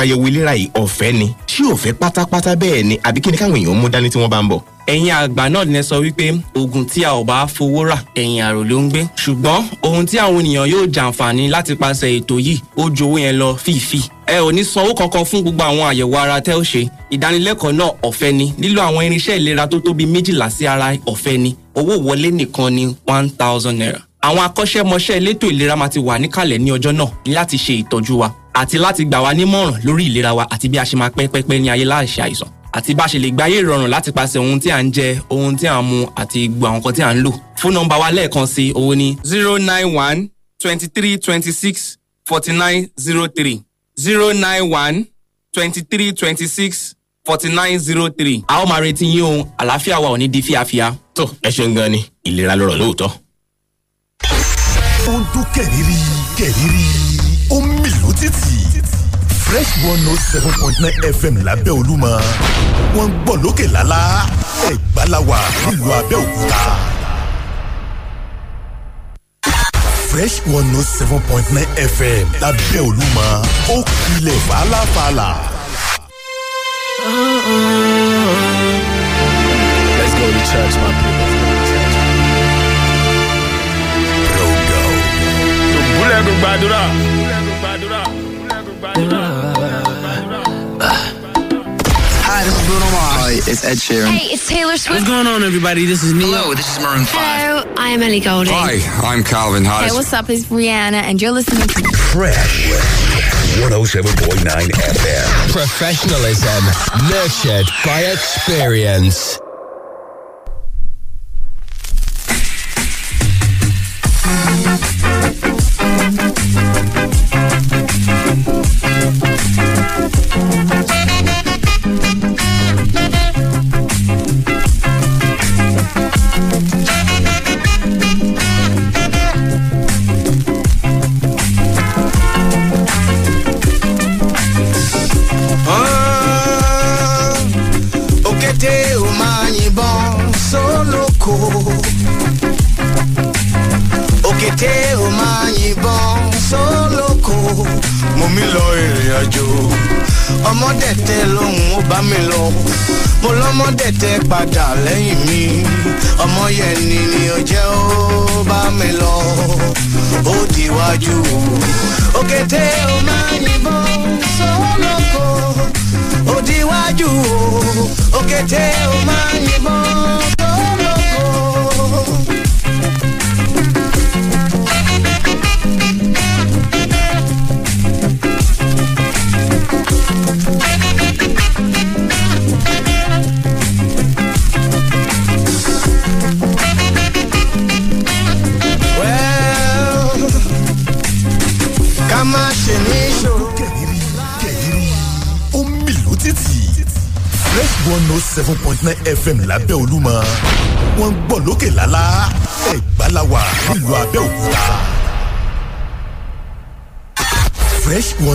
àyẹ̀wò ìlera yìí ọ̀fẹ́ ni ṣé ọ̀fẹ́ pátápátá bẹ́ẹ̀ ni àbí kí ni káwọn èèyàn mú dání tí wọ́n bá ń bọ̀. ẹ̀yin àgbà náà ni ẹ sọ wípé oògùn tí a ò bá fowó rà ẹ̀yìn àrò ló ń gbé ṣùgbọ́n ohun tí àwọn ènìyàn yóò jàǹfààní láti paṣẹ ètò yìí ó ju owó yẹn lọ fífi ẹ ò ní sanwó kankan fún gbogbo àwọn àyẹ̀wò ara tẹ́ ó ṣe ìdánilẹ́kọ̀ọ́ náà ọ̀fẹ́ ni lílo one thousand naira àwọn akọ́ṣẹ́mọṣẹ́ elétò ìlera máa ti wà níkàlẹ̀ ní ọjọ́ náà láti ṣe ìtọ́jú wa àti láti gbà wá nímọ̀ràn lórí ìlera wa àti bí a ṣe máa pẹ́ pẹ́pẹ́ ní ayé láìṣe àìsàn àti bá a ṣe lè gba ayé ìrọ̀rùn láti pàṣẹ ohun tí à ń jẹ ohun tí à ń mu àti gbogbo àwọn nǹkan tí à ń lò fún nọ́mbà wa lẹ́ẹ̀kan sí owó ní. zero nine one twenty three twenty six forty nine zero three zero nine one twenty three twenty six forty nine zero three. a ó máa retí yín o àlàáfíà wa ò ní di fíafíà. tó ẹ ṣeun gan ni ìlera lọ́rọ̀ lóòótọ́. ó ń dún kẹ̀rìírí kẹ̀rìírí títì fresh one note oh seven point nine fm lábẹ́ olúmọ wọ́n ń gbọ́ lókè lálá ẹ̀gbá la wà nílùú abẹ́òkúta. fresh one note oh seven point nine fm lábẹ́ olúmọ ó kilẹ̀ fàlàfàlà. let's go to church my people. Rogo. Dùbúlẹ̀ gbàdúrà. Omar. Hi, it's Ed Sheeran. Hey, it's Taylor Swift. What's going on, everybody? This is Neil. Hello, this is Maroon 5. Hello, I'm Ellie Golding. Hi, I'm Calvin Harris. Hey, what's up? It's Rihanna, and you're listening to Fresh 107.9 FM. Professionalism nurtured by experience.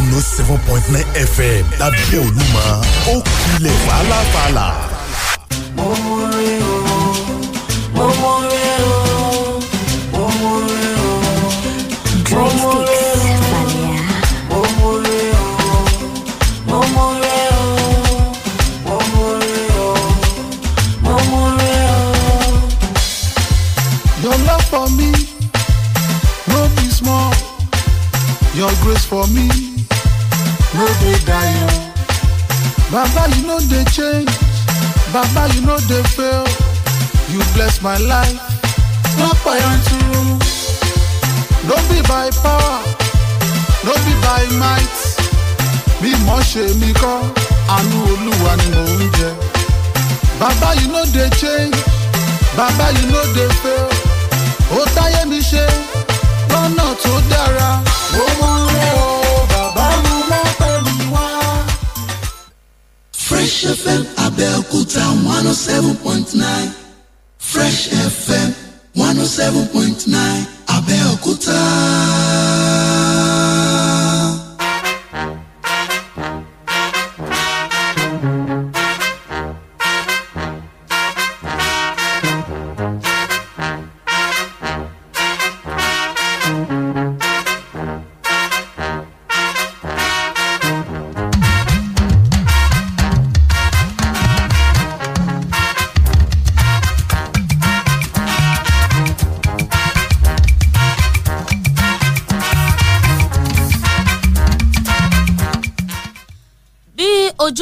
no oh seven point nine fm lábẹ́ olúmọ ó kulẹ̀ fàlàfàlà. mo mọ baba you know they change baba you know they fail you bless my life not by payanturu Don't be by power don't be by might bí mo me mi anu àánú olúwa baba you know they change baba you know they fail ó táyé mi ṣe lọ́nà tó dára ó mú Fresh FM Abẹ́òkúta one oh seven point nine Fresh FM one oh seven point nine Abẹ́òkúta.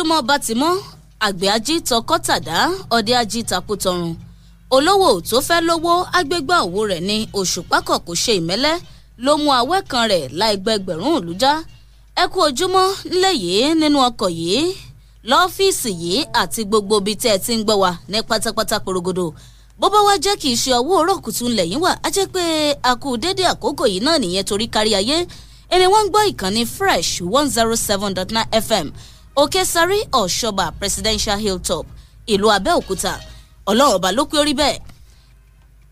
ọmọ ọba ti mọ́ àgbẹ̀ ají tọkọ́tàdá ọdẹ ají takótọrùn olówó tó fẹ́ lówó agbégbá òwò rẹ̀ ní òṣùpákọ̀ kò ṣe ìmẹ́lẹ́ ló mú awẹ́ kan rẹ̀ láì gbẹgbẹ̀rún òlújá ẹ kú ojúmọ́ nílẹ̀ yìí nínú ọkọ̀ yìí lọ́fíìsì yìí àti gbogbo ibi tẹ́ ẹ ti ń gbọ́ wa ní pátápátá korogodo bó bá wá jẹ́ kì í ṣe ọwọ́ òrò kùtù ńlẹ̀ yín wà á jẹ́ pé a kú àkókò yìí náà nìyẹn torí kárí ayé ẹni wọ́n ń gbọ́ ìkànnì fresh one zero seven dot nine fm òkèsárì ọ̀ṣọ́bà presidential hilltop ìlú abẹ́òkúta ọlọ́run ọba ló pé orí bẹ́ẹ̀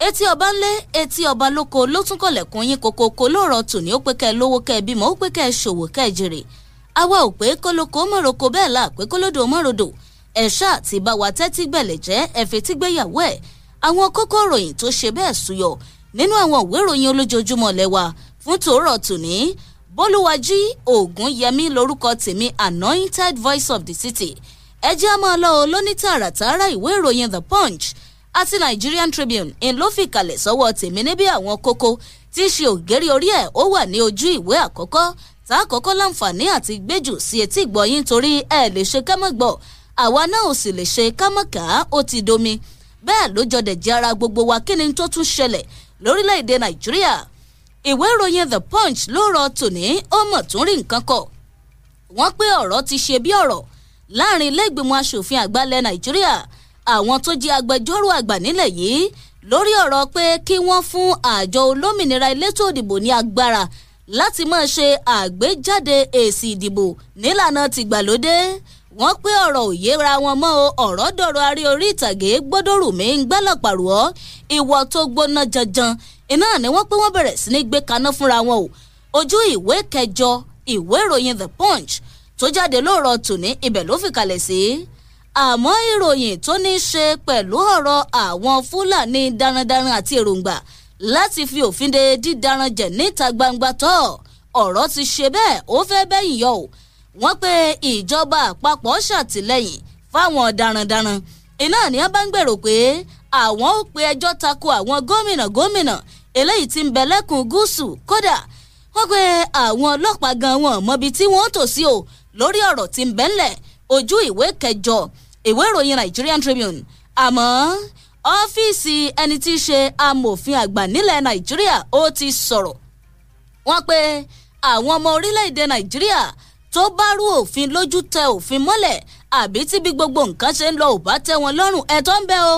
etí ọba ńlé etí ọba lóko ló tún kọlẹ̀kùn yín kokoko lóòrọ̀ tòní ó pé kẹ́ ẹ lówó kẹ́ ẹ bímọ ó pé kẹ́ ẹ ṣòwò kẹ́ ẹ jèrè àwa ò pé kólóko mọ̀rọ̀kọ bẹ́ẹ̀ là pé kólódò mọ̀rọ̀dò ẹ̀ ṣáà ti bá wa tẹ́tí gbẹ̀lẹ̀ jẹ́ ẹ fetí gbéyàwó ẹ̀ àwọn kókó ìròyìn tó ṣe bẹ́ẹ̀ súyọ nínú àwọn ìwé ìròyìn olójoojúmọ́ lẹ́wà fún tòórọ̀ tòní bólúwàjí ògúnyẹmí lórúkọ tèmi anointed voice of the city ẹ jẹ́ àmọ́ lọ o lóní tààràtààrà ìwé ìròyìn the punch àti nigerian tribune ń ló fi kalẹ̀ sọ́wọ́ tèmi níbi àwọn kókó tí í ṣe ògèrè orí ẹ̀ ó wà ní ojú ìwé àkọ́kọ́ tá a kọ́kọ́ láǹfààní àti gbẹ́jù sí etí ìgbọ̀yìn torí ẹ lè ṣe kámọ́gbọ̀ àwa náà ò sì lè ṣe kámọ́ká ó ti domi bẹ́ẹ̀ ló jọ dẹ̀ jẹ́ ara gbogbo wa kí ni tó tún ṣẹlẹ̀ lórílẹ̀‐èdè nàìjíríà ìwé ìròyìn the punch ló rọ tòní ó mọ̀ tún rí nǹkan kọ̀ wọ́n pé ọ̀rọ̀ ti ṣe bí ọ̀rọ̀ láàrin ilé ìgbìmọ̀ asòfin àgbà ilẹ̀ nàìjíríà àwọn tó jẹ́ agbẹjọ́rò àgbà nílẹ̀ yìí lórí ọ̀rọ̀ pé kí wọ́n fún àjọ olómìnira elétò ìdìbò ní agbára láti máa ṣe àgbéjáde èsì ìdìbò nílànà tìgbàlódé wọ́n pé ọ̀rọ̀ ò yéra wọn mọ́ o ọ̀rọ̀ dọ̀rọ̀ arí orí ìtàgé gbọ́dọ̀rùmí ń gbẹ́lọ̀pàrọ̀ ìwọ tó gbóná janjan iná ni wọ́n pé wọ́n bẹ̀rẹ̀ sí ní gbé kaná fúnra wọn o ojú ìwé kẹjọ ìwé ìròyìn the punch tó jáde lóòrọ̀ tòní ibẹ̀ ló fi kalẹ̀ sí àmọ́ ìròyìn tó ní í ṣe pẹ̀lú ọ̀rọ̀ àwọn fúlàní darandaran àti èròǹgbà láti fi òfin de dídaran jẹ̀ níta gbangba tọ́ ọ̀rọ̀ ti ṣe bẹ́ẹ̀ ó fẹ́ bẹ́yìn yọ o wọ́n pe ìjọba àpapọ̀ ṣàtìlẹ́yìn fáwọn darandaran iná ni wọ́n bá ń gbèrò pé àwọn ó pe ẹjọ́ tako àwọn gómìnà gómìnà eléyìí tí ń bẹ lẹ́kùn gúúsù kódà wọ́n pe àwọn ọlọ́pàá gan wọn mọbi tí wọ́n tò sí o lórí ọ̀rọ̀ tí ń bẹ ńlẹ̀ ojú ìwé kẹjọ ìwé ìròyìn Nigerian Tribune àmọ́ ọ́fíìsì ẹni tí í ṣe amòfin àgbà nílẹ̀ Nàìjíríà ó ti sọ̀rọ̀ wọ́n pe àwọn ọmọ orílẹ̀-èdè Nàìjíríà tó bá rú òfin lójú tẹ òfin mọ́lẹ̀ àbí tí bí gbogbo nǹkan ṣe ń lọ ò bá tẹ wọn lọ́rùn ẹ̀tọ́ ń bẹ o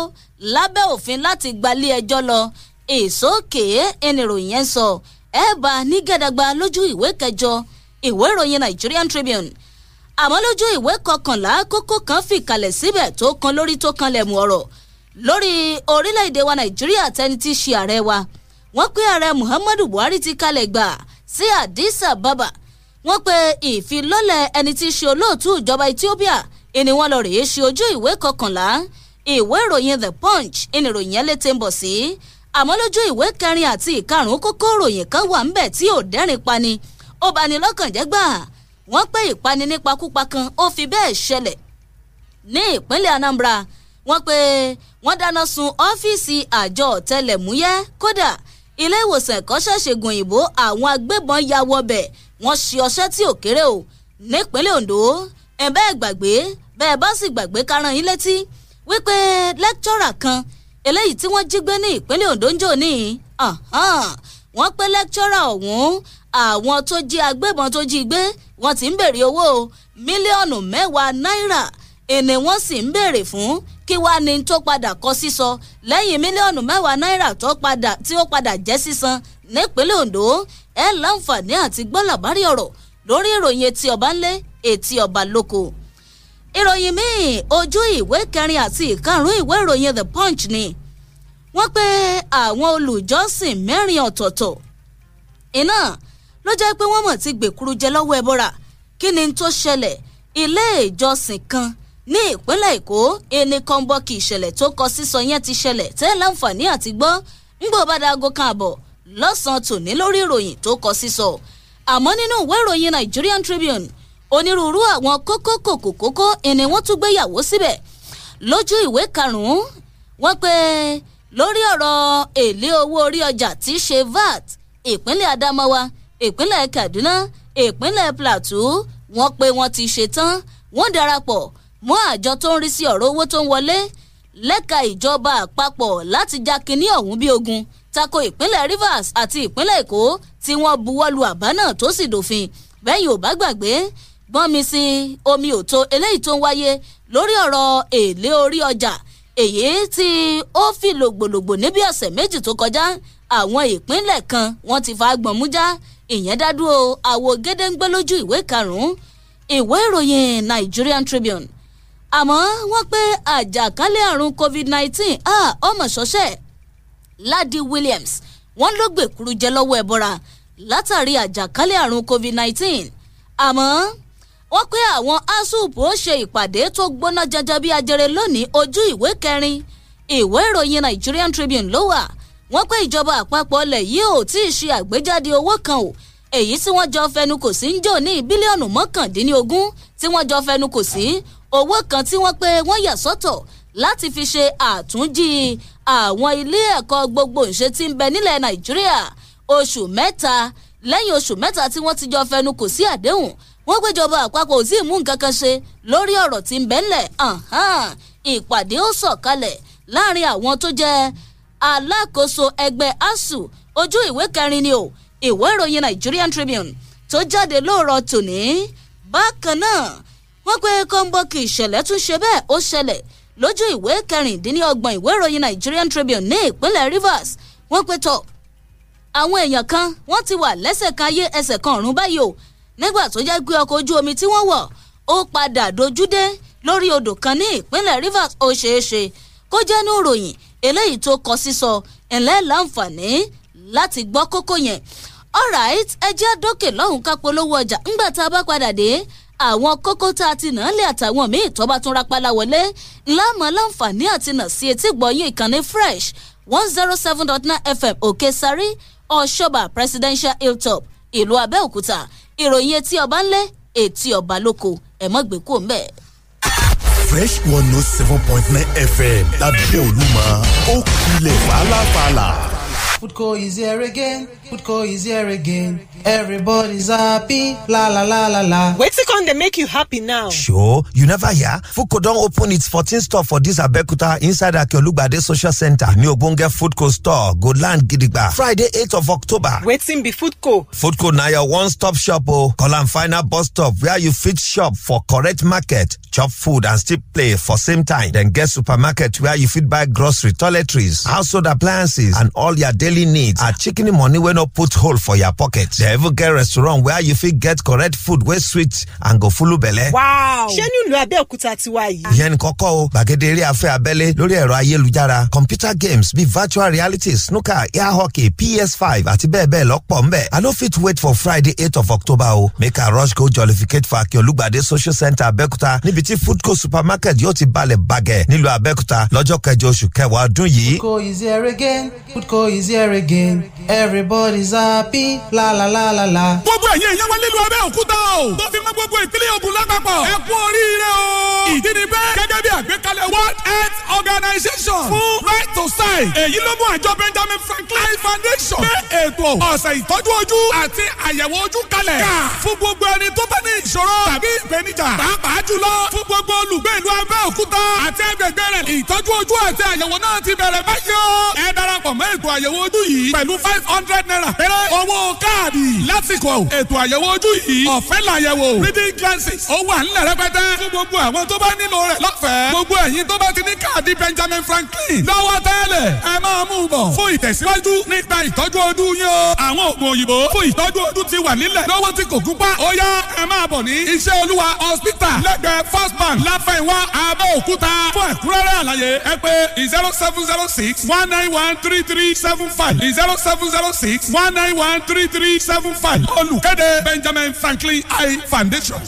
lábẹ́ òfin láti gbalé ẹjọ́ lọ èsókè ẹnìròyìn yẹn sọ ẹ bá ní gàdàgbà lójú ìwé kẹjọ ìwé ìròyìn Nigerian Tribune àmọ́ lójú ìwé kọkànlá kókó kan fìkàlẹ̀ síbẹ̀ tó kan lórí tó kanlẹ̀ mú ọ̀rọ̀ lórí orílẹ̀ wa Nàìjíríà tẹni tí í ṣe ààrẹ wa wọ́n pé ààrẹ Muhammadu Buhari ti kalẹ̀ gbà sí Addis Ababa wọ́n pé ìfilọ́lẹ̀ ẹni tí í ṣe olóòtú ìjọba Ethiopia ìní wọn lọ rèé ṣe ojú ìwé kọkànlá ìwé ìròyìn The Punch ìnìròyìn ẹ̀ lè tẹ́ ń bọ̀ sí. Si àmọ́ lójú ìwé kẹrin àti ìkarùn-ún kókó ròyìn kan wà ńbẹ̀ tí ò dẹ́rìn pani ó bani lọ́kàn jẹ́ gbà wọ́n pé ìpani nípakúpa kan ó fi bẹ́ẹ̀ ṣẹlẹ̀ ní ìpínlẹ̀ Anambra wọ́n pé wọ́n dáná sun ọ́fíìsì àjọ ọ̀tẹlẹ̀múyẹ́ kódà ilé ìwòsàn ẹ̀kọ́ ṣẹ̀ṣẹ̀gùn òyìnbó àwọn agbébọn ya wọbẹ̀ wọ́n ṣe ọṣẹ́ tí ò kéré o nípínlẹ̀ Ondo ẹ̀ bẹ́ẹ̀ gbàgbé bẹ́ẹ̀ bá sì gbàgbé kárán yín létí wípé lẹ́kítọ́rà kan eléyìí tí wọ́n jí gbé ní ìpínlẹ̀ Ondo ń jò ní wọ́n pé lẹ́kítọ́rà ọ̀hún àwọn tó jí agbébọn tó jí gbé wọ́n ti ń béèrè owó mílíọ̀nù mẹ́wàá náírà ènè wọ́n sì ń béèrè fún kí wàá ní tó padà kọ sísọ lẹ́yìn mílíọ̀nù mẹ́wàá náírà tí ó padà jẹ́ sísan nípínlẹ̀ Ondo ẹ̀ láǹfààní àti gbọ́ làbárí ọ̀rọ̀ lórí ìròyìn etí ọba ńlẹ̀ etí ọba lóko ìròyìn míì ojú ìwé kẹrin àti ìkarùn ìwé ìròyìn the punch ni wọ́n pé àwọn olùjọ́sìn mẹ́rin ọ̀tọ̀ọ̀tọ̀ iná ló jẹ́ pé wọ́n mọ̀ ti gbèkúrú jẹ lọ́wọ́ ẹbọra kí ni tó ṣẹlẹ̀ ilé ìjọsìn kan ní ìpínlẹ̀ èkó ẹni kan bọ́ kí ìṣẹ̀lẹ̀ tó kọ sísọ yẹn ti ṣẹlẹ̀ tẹ́ láǹfààní àti gbọ́ ń gbọ́ bá dago kan àbọ̀ lọ́sàn-án tòní lórí ìròyìn tó kọ sísọ àmọ́ nínú ìwé ìròyìn Nigerian Tribune onírúurú àwọn kókó kòkò kókó ni wọ́n tún gbéyàwó síbẹ̀ lójú ìwé karùn-ún wọ́n pe lórí ọ̀rọ̀ èlé owó orí ọjà tí í ṣe VAT ìpínlẹ̀ Adamawa ìpínlẹ̀ Kaduna ìpínlẹ̀ Plateau wọ́n pe wọ́n ti ṣe tán wọ́n darapọ̀ mọ́ àjọ tó ń rí sí ọ̀rọ̀ owó tó ń wọlé lẹ́ka ìjọba àpapọ̀ láti ja kínní ọ̀hún bí ogun tako ìpínlẹ̀ Rivers àti ìpínlẹ̀ Èkó tí wọ́n buwọ́lu àbá náà tó sì dòfin bẹ́yìn ò bá gbàgbé gbọ́nmi sí omi òtó eléyìí tó ń wáyé lórí ọ̀rọ̀ èlé orí ọjà èyí tí ó fi lògbòlògbò níbi ọ̀sẹ̀ méjì tó kọjá àwọn ìpínlẹ̀ kan wọ́n ti fa agbọ̀n ìyẹn dádúró àwo gédéǹgbé lójú ìwé karùn-ún ìwé ìròyìn Nigerian Tribune àmọ́ wọ́n pé àjàkálẹ̀ àrùn COVID-19 ọmọ ṣọṣẹ́ Ladi Williams wọ́n ló gbèkúrú jẹ lọ́wọ́ ẹ̀bọ̀ra látàrí àjàkálẹ̀ àrùn COVID-19 àmọ́ ó pé àwọn asup ó ṣe ìpàdé tó gbóná janjan bí ajere lónìí ojú ìwé kẹrin ìwé ìròyìn Nigerian Tribune ló wà wọ́n pé ìjọba àpapọ̀ ilẹ̀ yìí ò tí ì ṣe àgbéjáde owó kan o èyí tí wọ́n jọ fẹnu kò sí ń jò ní bílíọ̀nù mọ́kàndínlógún tí wọ́n jọ fẹnu kò sí owó kan tí wọ́n pé wọ́n yà sọ́tọ̀ láti fi ṣe àtúnjì àwọn ilé ẹ̀kọ́ gbogbo ìṣe tí ń bẹ nílẹ̀ Nàìjíríà oṣù mẹ́ta lẹ́yìn oṣù mẹ́ta tí wọ́n ti jọ fẹnu kò sí àdéhùn wọ́n péjọba àpapọ̀ ò sí ìmú nǹkan kan ṣe lórí ọ̀rọ̀ tí ń bẹ ńlẹ̀ ìpàdé ó sọ̀kalẹ̀ láàrin àwọn tó jẹ́ alákòóso ẹgbẹ́ asu ojú ìwé kẹrin ni o ìwé ìròyìn Nigerian Tribune tó jáde lóòrọ̀ tòní bákan náà wọ́n pé kọ́ńbọ́ọ̀kì ìṣẹ̀lẹ̀ tún ṣe bẹ́ẹ̀ ó ṣẹlẹ̀ lójú ìwé kẹrìndínlọ́gbọ̀n ìwé ìròyìn Nigerian Tribune ní ìpínlẹ̀ Rivers wọ́n pe tọ̀ àwọn èèyàn kan wọ́n ti wà lẹ́sẹ̀ kan ayé ẹsẹ̀ kan ọ̀run báyìí o nígbà tó jẹ́ pé ọkọ̀ ojú omi tí wọ́n wọ̀ ó padà dojúdé lórí odò kan ní ìpínlẹ̀ Rivers ó ṣeéṣe kó jẹ́ ní ìròyìn eléyìí tó kọ sísọ ẹ̀lẹ́ láǹfààní láti gbọ́ kókó yẹn alright ẹ jẹ́ dókè lọ́hùn ká polówó ọjà ńgbà tá a bá padà dé àwọn kókó tá a ti nà án lé àtàwọn míì tó bá tún rapala wọlé láàmú aláǹfààní àti nà sí etí gbọ̀nyìn ìkànnì fresh one zero oh seven dot nine fm òkè sáré ọ̀ṣọ́bà presidential hilltop ìlú abẹ́òkúta ìròyìn etí ọba ńlẹ̀ etí ọba lóko ẹ̀ mọ́ gbé kó ń fresh one oh seven point nine fm lábẹ́ olúmọ ó kulẹ̀ fàlàfàlà. foodco is here again. Putco is here again. Everybody's happy. La la la la la. Wait a second, they make you happy now. Sure, you never hear. Foodco don't open its 14th store for this Abekuta inside Akeolugbade Social Center. New Obonge Foodco store, go land Gidigba. Friday, 8th of October. Waiting be Foodco. Foodco now your one-stop shop. Oh, call and find a bus stop where you fit shop for correct market, chop food and still play for same time. Then get supermarket where you fit buy grocery, toiletries, household appliances, and all your daily needs. At Chicken Money when no put hole for your pocket. They even get restaurant where you fit get correct food wey sweet and go full belle. Wow! Ṣé nílùú abe ti wá yìí? Ìyẹn nìkan kọ́ o, gbàgede afẹ́ abẹ́lé lórí ẹ̀rọ ayélujára, computer games be virtual reality, snooker, air hockey, PS5 àti bebe bẹ́ẹ̀ I no fit wait for Friday 8th of October Oh. Make a rush go jollificate for Akin Olúgbàdé social centre Abẹ́òkúta Nibiti food co supermarket yóò ti balẹ̀ bàgẹ́ nílùú Abẹ́òkúta lọ́jọ́ kẹjọ wa kẹwàá ọdún yìí. Foodco is here again, Foodco is here again, everybody. body zappy la la la la la. gbogbo ẹ̀yin ìyẹn wá nílùú Abẹ́òkúta o. tó fi mọ́ gbogbo ìpínlẹ̀ Ògùn lápapọ̀. ẹ kú oríire o. ìdí ni bẹ́ẹ̀ gẹ́gẹ́ bí àgbékalẹ̀ World Health Organization fún right to sign. èyí ló mú àjọ Benjamin Franklin Foundation gbé ètò ọ̀sẹ̀ ìtọ́jú ojú àti àyẹ̀wò ojú kalẹ̀. ká fún gbogbo ẹni tó bá ní ìṣòro tàbí ìpèníjà. pàápàá jùlọ fún gbogbo olùgbé ìlú Abẹ́òkúta àti ẹgbẹ̀gbẹ̀ rẹ̀ ìtọ́jú ojú àti àyẹ̀wò náà ti bẹ̀rẹ̀ báyọ̀. ẹ darapọ̀ mọ́ ètò àyẹ̀wò ojú yìí pẹ̀lú five hundred naira náírà. eré owó káàdì. lásìkò ètò àyẹ̀wò ojú yìí. ọ̀fẹ́ làyẹ̀wò. reading glasses. ó wà nílẹ̀ rẹpẹtẹ. fún gbogbo àwọn tó bá nílò rẹ̀ lọ́fẹ̀ẹ́. gbogbo ẹ̀yin tó bá ti ní káàdì Benjamin Franklin. lọ́wọ́ tẹ́lẹ̀ ẹ máa mú bọ̀. fún ìtẹ̀síwájú nípa ìtọ́jú ojú yín o. àwọn oògùn òyìnbó fún ìtọ́jú ojú ti wà nílẹ̀. lọ́wọ́ tí kò gúnpá. ó yá ẹ máa bọ̀ ní. iṣẹ́ olúwa hospital lẹ́gbẹ̀ẹ́ first bank láfẹ̀wá abẹ́òkúta. fún ẹ̀kúrẹ́rẹ́ àlàyé ẹ pé zero seven zero six one nine one three three seven five zero seven zero six one nine one three three seven five olùkéde Benjamin Franklin i foundation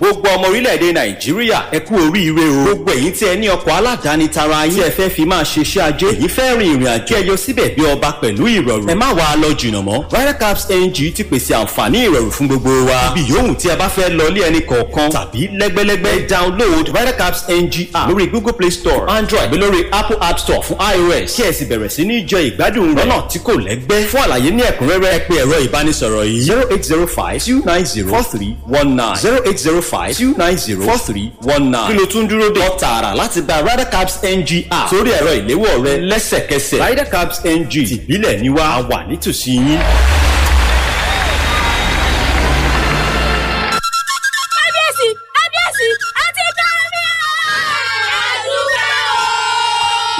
gbogbo ọmọ orílẹ̀-èdè nàìjíríà ẹ kú oríire o gbogbo ẹ̀yin tí ẹ ní ọkọ̀ aládàáni tara yín tí ẹ fẹ́ fi máa ṣe iṣẹ́ ajé èyí fẹ́ rin ìrìn àjò ẹyọ síbẹ̀ bí ọba pẹ̀lú ìrọ̀rùn ẹ má wàá lọ jìnnà mọ́ Vitacaps ng ti pèsè àǹfààní ìrọ̀rùn fún gbogbo wa ibi yòówù tí a bá fẹ́ lọ lé ẹnì kọ̀ọ̀kan tàbí lẹ́gbẹ́lẹ́gbẹ́ download Vitacaps ng app lórí Google Play Store Android lórí Apple App Store fún iOS kí ẹ sì bẹ̀rẹ̀ sí ní jẹ ìgbádùn rẹ̀ lọ́nà tí kò lẹ́gbẹ́ fún àlàyé ní ẹ̀kúnrẹ́rẹ́ ẹ zero eight zero five two nine zero four three one nine zero eight zero five two nine zero four three one nine. kí ló tún dúró dé. wọ́n tààrà láti gba rider cabs ng app sórí ẹ̀rọ ìléwọ́ rẹ lẹ́sẹ̀kẹsẹ̀ rider cabs ng tìbílẹ̀ ni wá a wà nítòsí yín.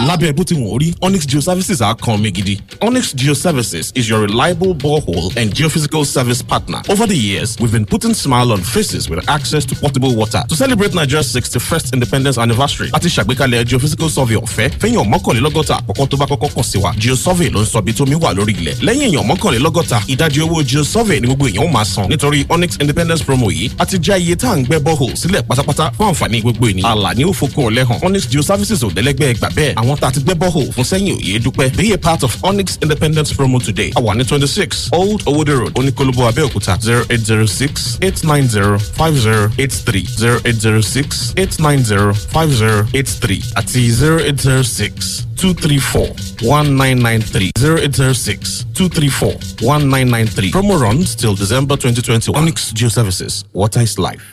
lábẹ́ bó ti wọ̀n rí onyx geoservices á kan mi gidi onyx geoservices is your reliable borehole and geophysical service partner over the years we've been putting smile on faces with access to portable water to celebrate nigeria's sixty-first independence anniversary àti ṣàgbékalẹ̀ geophysical survey ọ̀fẹ́ fẹ́yìn ọ̀mọ́kànlélọ́gọ́ta àkọ́kọ́ tó bá kọ́kọ́ kọ̀ sí wa geosurvey ló ń sọ ibi tómi wà lórí ilẹ̀ lẹ́yìn èèyàn mọ́kànlélọ́gọ́ta ìdajì owó geosurvey ni gbogbo èèyàn ó máa san nítorí onyx independence promo yìí àti já iye tá à ń gbẹ́ borehole sílẹ̀ pátápátá fún àǹfààní gbogbo ènìyàn àlà ni ó fokùn ọ̀lẹ́hàn onyx geoservices ò dẹ́lẹ́gbẹ́ gbà bẹ́ẹ̀ àwọn Start a ti gbẹ́ bọ́hò fún be a part of Onyx Independence promo today àwa twenty six Old Owode Road oníkólóbó Abẹ́òkúta zero eight zero six eight nine zero five zero eight three zero eight zero six eight nine zero five zero eight three àti zero eight zero six two three four one nine nine three zero eight zero six two three four one nine nine three promo runs till December twenty twenty one Onyx Geo Services What is is life.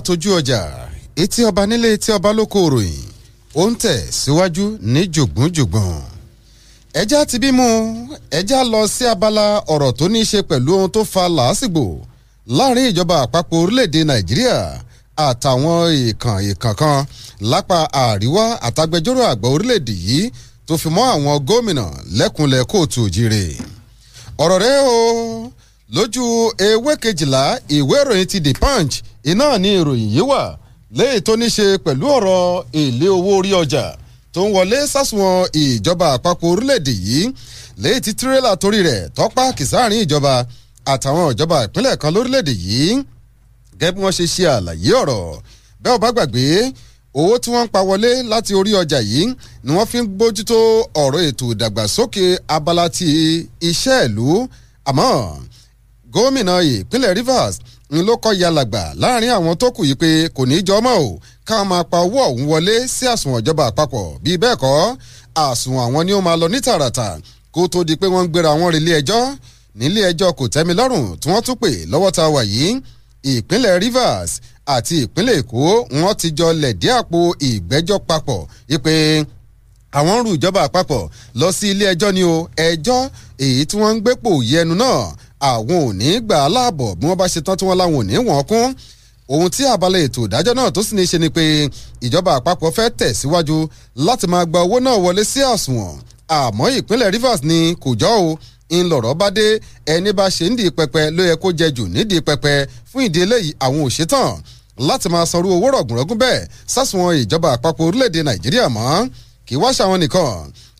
látojú ọjà etí ọba nílé etí ọba lóko òròyìn ó ń tẹ̀ síwájú ní jùgbọ́njùgbọ́n ẹjá ti bímú ẹjá lọ sí abala ọ̀rọ̀ tó ní í ṣe pẹ̀lú ohun tó fa làásìgbò láàrin ìjọba àpapọ̀ orílẹ̀-èdè nàìjíríà àtàwọn ìkàn ìkàn kan lápá àríwá àtàgbẹjọ́rò àgbà orílẹ̀-èdè yìí tó fi mọ́ àwọn gómìnà lẹ́kùnlẹ̀ kóòtù òjìrè ọ̀rọ̀ rẹ o lójú ewé kejìlá ìwé ìròyìn ti the punch iná ní ìròyìn yìí wà léyìí tó ní ṣe pẹ̀lú ọ̀rọ̀ èlé owó orí ọjà tó ń wọlé sásùnwọ̀n ìjọba àpapọ̀ orílẹ̀-èdè yìí léyìí tí tírélà torí rẹ̀ tọ́pá kìsáàrin ìjọba àtàwọn ìjọba ìpínlẹ̀ kan lórílẹ̀-èdè yìí gẹ́gẹ́ bí wọ́n ṣe ṣe àlàyé ọ̀rọ̀ bẹ́ẹ̀ bá gbàgbé owó tí wọ́n ń pa wọlé láti orí ọjà yìí ni wọ́n fi ń bójútó ọ̀rọ̀ ètò ìdàgbàsókè abala ti iṣẹ́ ìlú àmọ́ gómìnà ìpínlẹ̀ Rivers ń ló kọ́ yalàgbà láàrin àwọn tó kù yìí pé kò ní í jọ mọ́ o káwọn máa pa owó ọ̀hún wọlé sí àsùnwọ̀n ìjọba àpapọ̀ bíi bẹ́ẹ̀ kọ́ àsùnwọ̀n àwọn ni ó máa lọ ní tààràtà kó tó di pé wọ́n ń gbéra wọn relé ẹjọ́ nílé ẹjọ́ kò tẹ́mi lọ́rùn tí wọ́n tún pè lọ́wọ́ ta wà yìí ìpínlẹ̀ Rivers àti ìpínlẹ̀ Èkó wọ́n ti jọ lẹ̀dí àpò ìgbẹ́jọ́ papọ̀ ìpè àwọn ń ru ìjọba àpapọ̀ lọ sí ilé ẹjọ́ ni o ẹjọ́ èyí tí wọ́n ń gbépò yẹnu náà àwọn ò ní gbà á láàbọ̀ bí wọ́n bá ṣe tán tí wọ́n láwọn ò ní wọ́n kún ohun tí abala ètò ìdájọ́ náà tó sì ní í ṣe ni pé ìjọba àpapọ̀ fẹ́ tẹ̀síwájú láti máa gba owó náà wọlé sí àsùnwọ̀n àmọ́ ìpínlẹ̀ Rivers ni kò jọ́ o ń lọ̀rọ̀ bá dé ẹni bá ṣe ń di pẹpẹ ló yẹ kó jẹ jù nídìí pẹpẹ fún ìdí eléyìí àwọn òṣètàn láti máa sanrú owó rọ̀gùnrọ̀gùn bẹ́ẹ̀ sásùnwọ̀n ìjọba àpapọ̀ orílẹ̀-èdè Nàìjíríà mọ́ kì í wáṣà wọn nìkan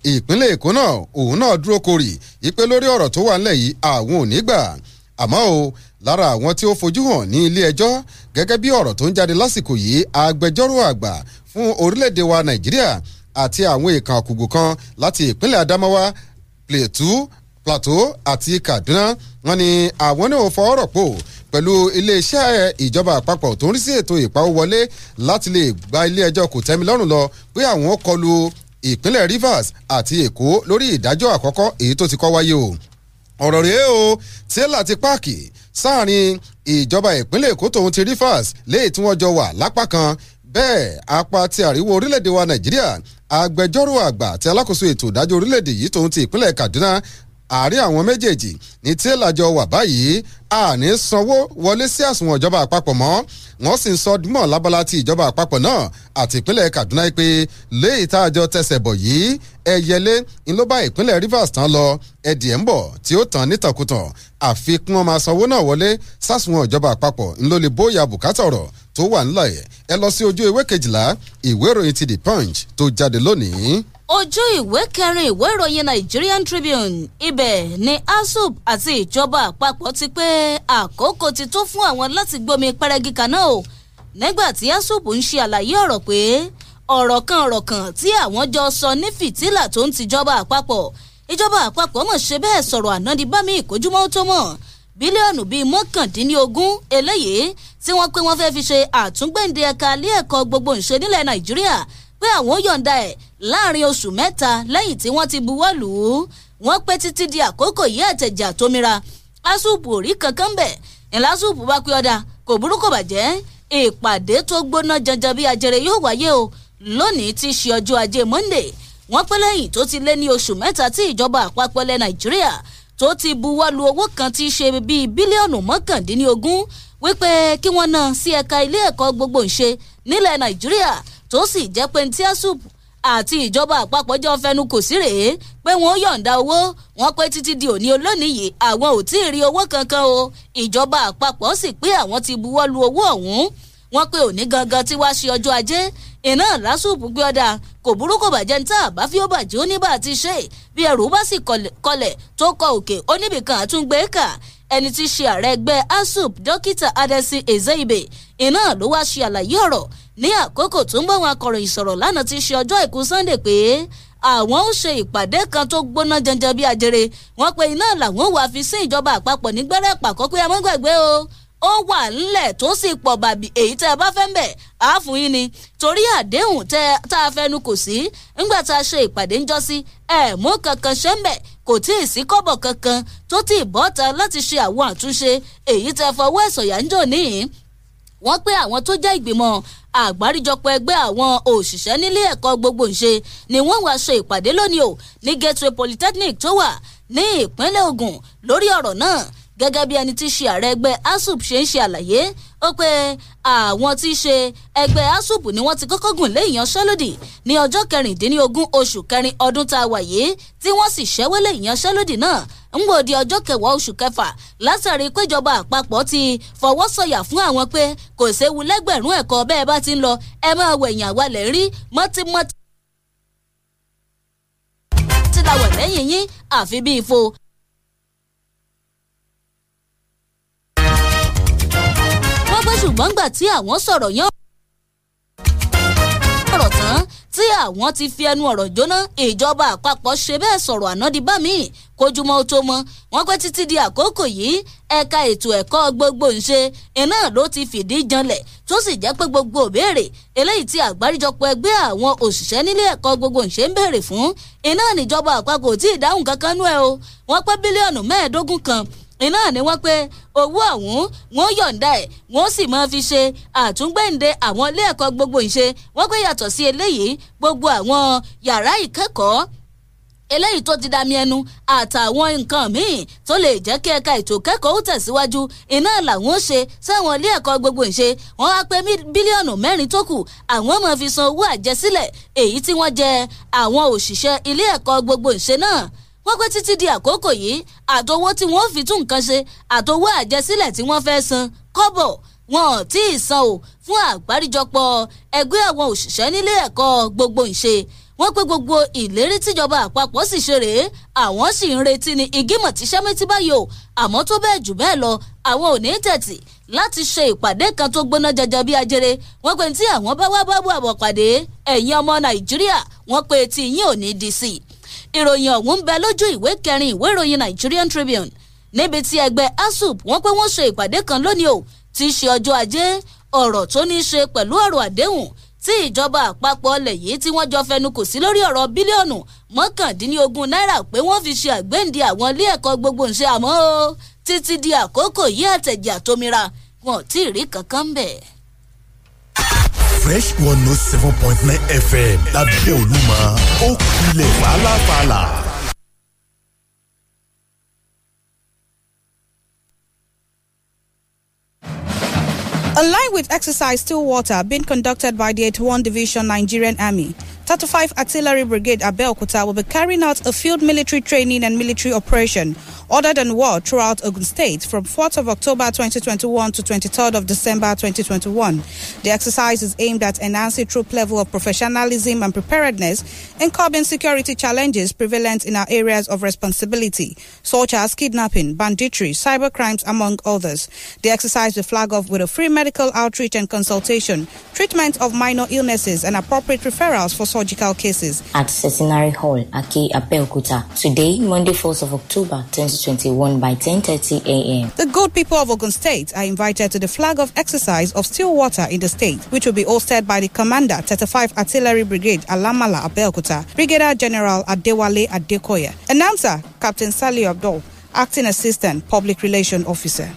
ìpínlẹ̀ èkó náà òun náà dúró korì ìpè lórí ọ̀rọ̀ tó wà ńlẹ̀ yìí àwọn ò ní gbà àmọ́ o lára àwọn tí ó fojú hàn ní ilé ẹjọ́ gẹ́gẹ́ bí ọ̀rọ̀ tó ń jáde lásìkò yìí agbẹjọ́rò àgbà fún orílẹ̀-èdè wa nàìjíríà àti àwọn ìkàn àkùgù kan láti ìpínlẹ̀ adamawa plateau plateau àti kaduna wọ́n ní àwọn náà fọwọ́rọ̀ pò pẹ̀lú iléeṣẹ́ ìjọba àpapọ̀ tó ń rí sí ètò ìpawówọlé láti lè gba ilé ẹjọ́ kò tẹ́mi lọ pé àwọn kọlu ìpínlẹ̀ Rivers àti Èkó lórí ìdájọ́ àkọ́kọ́ èyí tó ti kọ́ wáyé o ọ̀rọ̀ rèé o tẹ́lá ti páàkì sáàrin ìjọba ìpínlẹ̀ Èkó tòun ti Rivers léyìí tí wọ́n jọ wà lápá kan bẹ́ẹ̀ apá ti àríwó orílẹ̀-èdè wa Nàìjíríà agbẹjọ́rò àgbà àti alákòóso ètò ìdájọ́ orílẹ̀-èdè yìí tòun ti ìpínlẹ̀ Kaduna àárín àwọn méjèèjì ní tí ìlàjọ wà báyìí àní sanwó wọlé sí àsùnwọ̀n ìjọba àpapọ̀ mọ́ wọ́n sì ń sọ dímọ̀ lábala ti ìjọba àpapọ̀ náà àti ìpínlẹ̀ Kaduna pé léyìí tá a jọ tẹsẹ̀ bọ̀ yìí ẹ̀yẹlé ń ló bá ìpínlẹ̀ Rivers tán lọ ẹ̀dì ẹ̀ ń bọ̀ tí ó tàn nítàkùtàn àfikún ọmọ sanwó náà wọlé sásùnwọ̀n ìjọba àpapọ̀ ńlọ bóyá bùkátà ọ̀rọ̀ tó wà ńlọ yẹ ẹ lọ sí ojú ìwé kejìlá ìwé ìròyìn ti the punch tó jáde lónìí. ojú ìwé kẹrin ìwé ìròyìn Nigerian Tribune ibẹ̀ ni asub àti ìjọba àpapọ̀ ti pé àkókò ti tó fún àwọn láti gbomi pẹrẹgì kaná o nígbà tí asub ń ṣe àlàyé ọ̀rọ̀ pé ọ̀rọ̀ kan ọ̀rọ̀ kan tí àwọn jọ sọ ní fìtílà tó ń tìjọba àpapọ̀ ìjọba àpapọ̀ mọ̀ ṣe bẹ́ẹ̀ sọ̀rọ̀ ànádìbámi ìkójúmọ́ tó mọ̀ bílíọ̀nù bíi mọ́kàndínlógún eléyìí tí wọ́n pé wọ́n fẹ́ fi ṣe àtúngbèǹde ẹ̀ka ilé ẹ̀kọ́ gbogbo ìṣe nílẹ̀ nàìjíríà pé àwọn yọ̀ǹda ẹ̀ láàrin oṣù mẹ́ta lẹ́yìn tí wọ́n ti buwọ́ lù ú wọ́n pé títí di àkókò yìí ẹ̀tẹ̀jà tómira lásùpù òrí kankan bẹ̀ ìlàsùpù bá pé ọ̀dà kò burú bàjẹ́ ìpàdé tó gbóná janjan bí ajere yóò wáyé o lónìí ti ṣe ọjọ́ ajé monday wọ́n pé lẹ́yìn tó ti lé ní oṣù mẹ́ta tí ìjọba àpapọ̀ lẹ̀ nàìjíríà tó ti buwọ́lu owó kan tí í ṣe bíi bílíọ̀nù mọ́kàndínlógún wípé kí wọ́n ná sí ẹ̀ka ilé ẹ̀kọ́ gbogbo ìṣe nílẹ̀ nàìjíríà tó sì jẹ́ pé ní tíásùp àti ìjọba àpapọ̀ jọ fẹnu kò sí rèé pé wọ́n yọ̀ǹda owó wọn pé títí di òní olónìí yìí àwọn ò tí ì rí owó kankan o ìjọba àpapọ̀ sì pé àwọn ti buwọ́lu owó ọ̀hún wọn pé òní gangan tí wàá ṣe ọjọ́ ajé iná lásùpù gbé ọ̀dà kò burú kò bàjẹ́ ní tá a bá fi ó bàjẹ́ ó ní bá a ti ṣe bí ẹrù bá sì kọlẹ̀ tó kọ òkè ó níbìkan àtúngbé kà ẹni tí ṣe ààrẹ ẹgbẹ́ asup dókítà adesi ezeibe iná ló wá ṣe àlàyé ọ̀rọ̀ ní àkókò tó ń bá wọn akọ̀ròyìn sọ̀rọ̀ lánàá ti ṣe ọjọ́ àìkú Sunday pé àwọn ń ṣe ìpàdé kan tó gbóná janjan bí ajere wọn pe iná làwọn wà fi sí ìjọba àpapọ̀ nígbẹ́rẹ́ pàkọ́ pé amúgbàgbé o ó wà ńlẹ̀ tó sì pọ̀ bàbí èyí tẹ́ ẹ bá fẹ́ ń bẹ̀ á fún yín ni torí àdéhùn tá a fẹnu kò sí ńgbà tá a ṣe ìpàdé ńjọ́sí ẹ̀ mú kankan ṣe ń bẹ̀ kò tí ì sí kọ́bọ̀ kankan tó ti bọ́ta láti ṣe àwọn àtúnṣe èyí tẹ́ fọwọ́ ẹ̀sọ̀yà ń jò níyìn wọ́n pé àwọn tó jẹ́ ìgbìmọ̀ àgbáríjọpọ̀ ẹgbẹ́ àwọn òṣìṣẹ́ nílé ẹ̀kọ́ gbogbo ńṣe ni wọ́n wá ṣe ìpàdé lónìí o ní gateway polytechnic tó wà ní ìpínlẹ̀ Ògùn lórí ọ̀rọ̀ náà gẹ́gẹ́ bí ẹni tí í ṣe ààrẹ ẹgbẹ́ asup ṣe ń ṣe àlàyé ó pé àwọn tí í ṣe ẹgbẹ́ asup ni wọ́n ti kọ́kọ́ gùn lé ìyanṣẹ́lódì ní ọjọ́ kẹrìndínlógún oṣù kẹrin ọdún tá a wà yìí tí wọ́n sì ṣẹ́wọ́lé ìyanṣẹ́lódì náà ń wò di ọjọ́ kẹwàá oṣù kẹfà látàrí péjọba àpapọ̀ ti fọwọ́ sọ̀yà fún àwọn pé kò séwu lẹ́gbẹ̀rún ẹ̀kọ́ bẹ́ẹ̀ bá ti ń lọ ẹ máa wẹ̀yìn àwalẹ̀ rí mọ́tímọ́tí láwọ̀ lẹ́yìn yín àfi bíi fo pé ṣùgbọ́n gbà tí àwọn sọ̀rọ̀ yán ọ̀rọ̀ tán tí àwọn ti fi ẹnu ọ̀rọ̀ jóná ìjọba àpapọ̀ ṣe bẹ́ẹ̀ sọ̀rọ̀ àná di bá mi kojúmọ́ tó mọ́ wọ́n pẹ́ títí di àkókò yìí ẹ̀ka ètò ẹ̀kọ́ gbogbo ńṣe iná ló ti fìdí janlẹ̀ tó sì jẹ́ pé gbogbo òbéèrè eléyìí tí àgbáríjọpọ̀ ẹgbẹ́ àwọn òṣìṣẹ́ nílé ẹ̀kọ́ gbogbo ńṣe ń béèrè fún iná níjọba àpapọ̀ tí ìdáhùn kankan nú ẹ o wọ́n pẹ́ bílíọ̀nù mẹ́ẹ̀ẹ́dógún kan iná ni wọ́n pé owó ọ̀hún wọ́n yọ̀ǹda ẹ̀ wọ́n sì máa fi ṣe àtúngbẹ̀ǹde àwọn ilé ẹ̀kọ́ gbogbo ìṣe wọ́n pé yàtọ̀ sí eléyìí gbogbo àwọn yàrá ìkẹ́kọ̀ọ́ eléyìí tó ti da mi ẹnu àtàwọn nǹkan míì tó lè jẹ́ kí ẹ̀ka ètò kẹ́kọ̀ọ́ ó tẹ̀síwájú iná làwọn ṣe sáwọn ilé ẹ̀kọ́ gbogbo ìṣe wọ́n á pé bílíọ̀nù mẹ́rin tó kù àwọn máa fi san owó àjẹsílẹ̀ èyí tí wọ́n jẹ àwọn òṣìṣẹ́ ilé ẹ̀kọ́ gbogbo ìṣe náà wọ́n pé títí di àkókò yìí àtowó tí wọ́n fi tún nǹkan ṣe àtowó àjẹsílẹ̀ tí wọ́n fẹ́ san kọ́bọ̀ wọn ò tí ì san o fún àgbáríjọpọ̀ ẹgbẹ́ àwọn òṣìṣẹ́ nílé ẹ̀kọ́ gbogbo ìṣe wọ́n pé gbogbo ìlérí tíjọba àpapọ̀ sì ṣe rèé àwọn sì ń retí ni ìgímọ̀ ti sẹ́mẹ́tì báyìí o àmọ́ tó bẹ́ẹ̀ jù bẹ́ẹ̀ lọ àwọn ò ní tẹ̀tì láti ṣe ìpàdé kan tó gbóná jẹjẹ bí ajere wọ́n pé tí àwọn bá wá bá bọ̀ àbọ̀ pàdé ẹ̀yin ọmọ nàìjíríà wọ́n pé tí yín ò ní di sí i ìròyìn ọ̀hún ń bẹ lójú ìwé kẹrin ìwé ìròyìn Nigerian Tribune níbi tí ẹgbẹ́ asup wọ́n pé wọ́n ṣe ìpàdé kan lónìí o ti ṣe ọjọ́ ajé ọ̀rọ̀ tó ní í ṣe pẹ̀lú ọ̀rọ̀ àdéhùn tí ìjọba àpapọ̀ ọlẹ̀ yìí tí wọ́n jọ fẹnu kò sí lórí ọ̀rọ̀ bílíọ̀nù mọ́kàndínlógún náírà pé wọ́n fi ṣe àgbéǹde àwọn ilé ẹ̀kọ́ gbogbo ńṣe àmọ́ o títí di àkókò yìí àtẹ̀jẹ̀ àtòmíra wọn ò tí ì rí kankan bẹ́ẹ̀. Fresh one note oh seven point nine FM lábẹ́ Olúmọ ó kulẹ̀ fàlàfàlà. Along with exercise still water being conducted by the 81 Division Nigerian Army, 35 Artillery Brigade Abeokuta will be carrying out a field military training and military operation ordered and war throughout Ogun State from 4th of October 2021 to 23rd of December 2021. The exercise is aimed at enhancing troop level of professionalism and preparedness and curbing security challenges prevalent in our areas of responsibility, such as kidnapping, banditry, cyber crimes, among others. The exercise will flag off with a free medical outreach and consultation, treatment of minor illnesses, and appropriate referrals for surgical cases. At Centenary Hall, Aki Abeokuta, today, Monday, 4th of October, 2021. 2021 by 10.30 a.m. The good people of Ogun State are invited to the flag of exercise of still water in the state, which will be hosted by the Commander 35 Artillery Brigade Alamala Abeokuta, Brigadier General Adewale Adekoya. Announcer Captain Sally Abdul, Acting Assistant Public Relation Officer.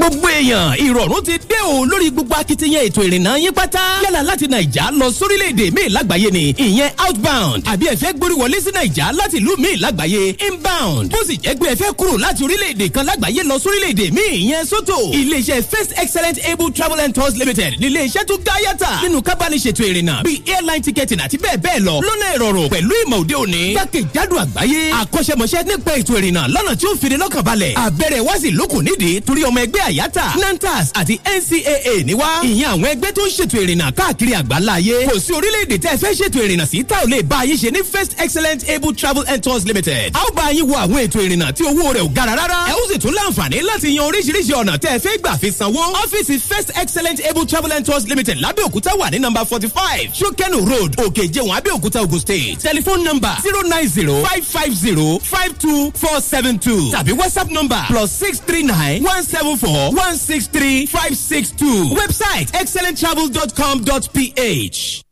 gbogbo èèyàn ìrọ̀rùn ti dé o lórí gbogbo akitiyan ètò ìrìnnà yín pátá yálà láti nàìjà lọ sórílẹ̀-èdè míì lágbàáyé ni ìyẹn outbound àbí ẹ̀fẹ́ gbórí wọlé sí nàìjà láti ìlú míì lágbàáyé inbound bó sì jẹ́ pé ẹ̀fẹ́ kúrò láti orílẹ̀-èdè kan lágbàáyé lọ sórílẹ̀-èdè míì ìyẹn sótò iléeṣẹ́ first excellent able travel and tours limited nílé iṣẹ́ tó gáyàtà nínú kábàániṣètò ìrìnnà bíi airline ticket àti bẹ́ẹ̀ bẹ́ẹ̀ lọ lọ́nà ìrọ̀rùn pẹ̀lú ìmọ̀ òde òní jákèjádò àgbáyé àkọ́ṣẹ́mọṣẹ́ nípa ètò ìrìnnà lọ́nà tí ó fi ní lọ́kàn balẹ̀ àbẹ̀rẹ̀ wá sí lókùn nídìí torí ọmọ ẹgbẹ́ yàtà nantas àti ncaa ní wá. ìyẹn àwọn ẹgbẹ́ tó ń ṣètò ìrìnnà káàkiri àgbáńlá ayé. kò sí orílẹ̀-èdè tẹ́ ẹ fẹ́ ṣètò ìrìnnà sí tá ò lè bá yín ṣe ní first excellent able travel and tours limited. a ó bá yín wo àwọn ètò ìrìnnà tí owó rẹ̀ ò gara rárá. ẹ ó sì tún láǹfààní láti yan oríṣiríṣi ọ̀nà tẹ́ ẹ fẹ́ gbà fi sanwó. ọ́fíìsì first excellent able travel and tours limited lábẹ́òkúta wà ní nọ́mbà forty five shokenu road òkè ìjẹun abẹ́òkúta ogun state telephone number zero nine zero five five zero five two four seven two tàbí whatsapp number plus six three nine one seven four four one six three five six two. Website excellenttravel.com.ph.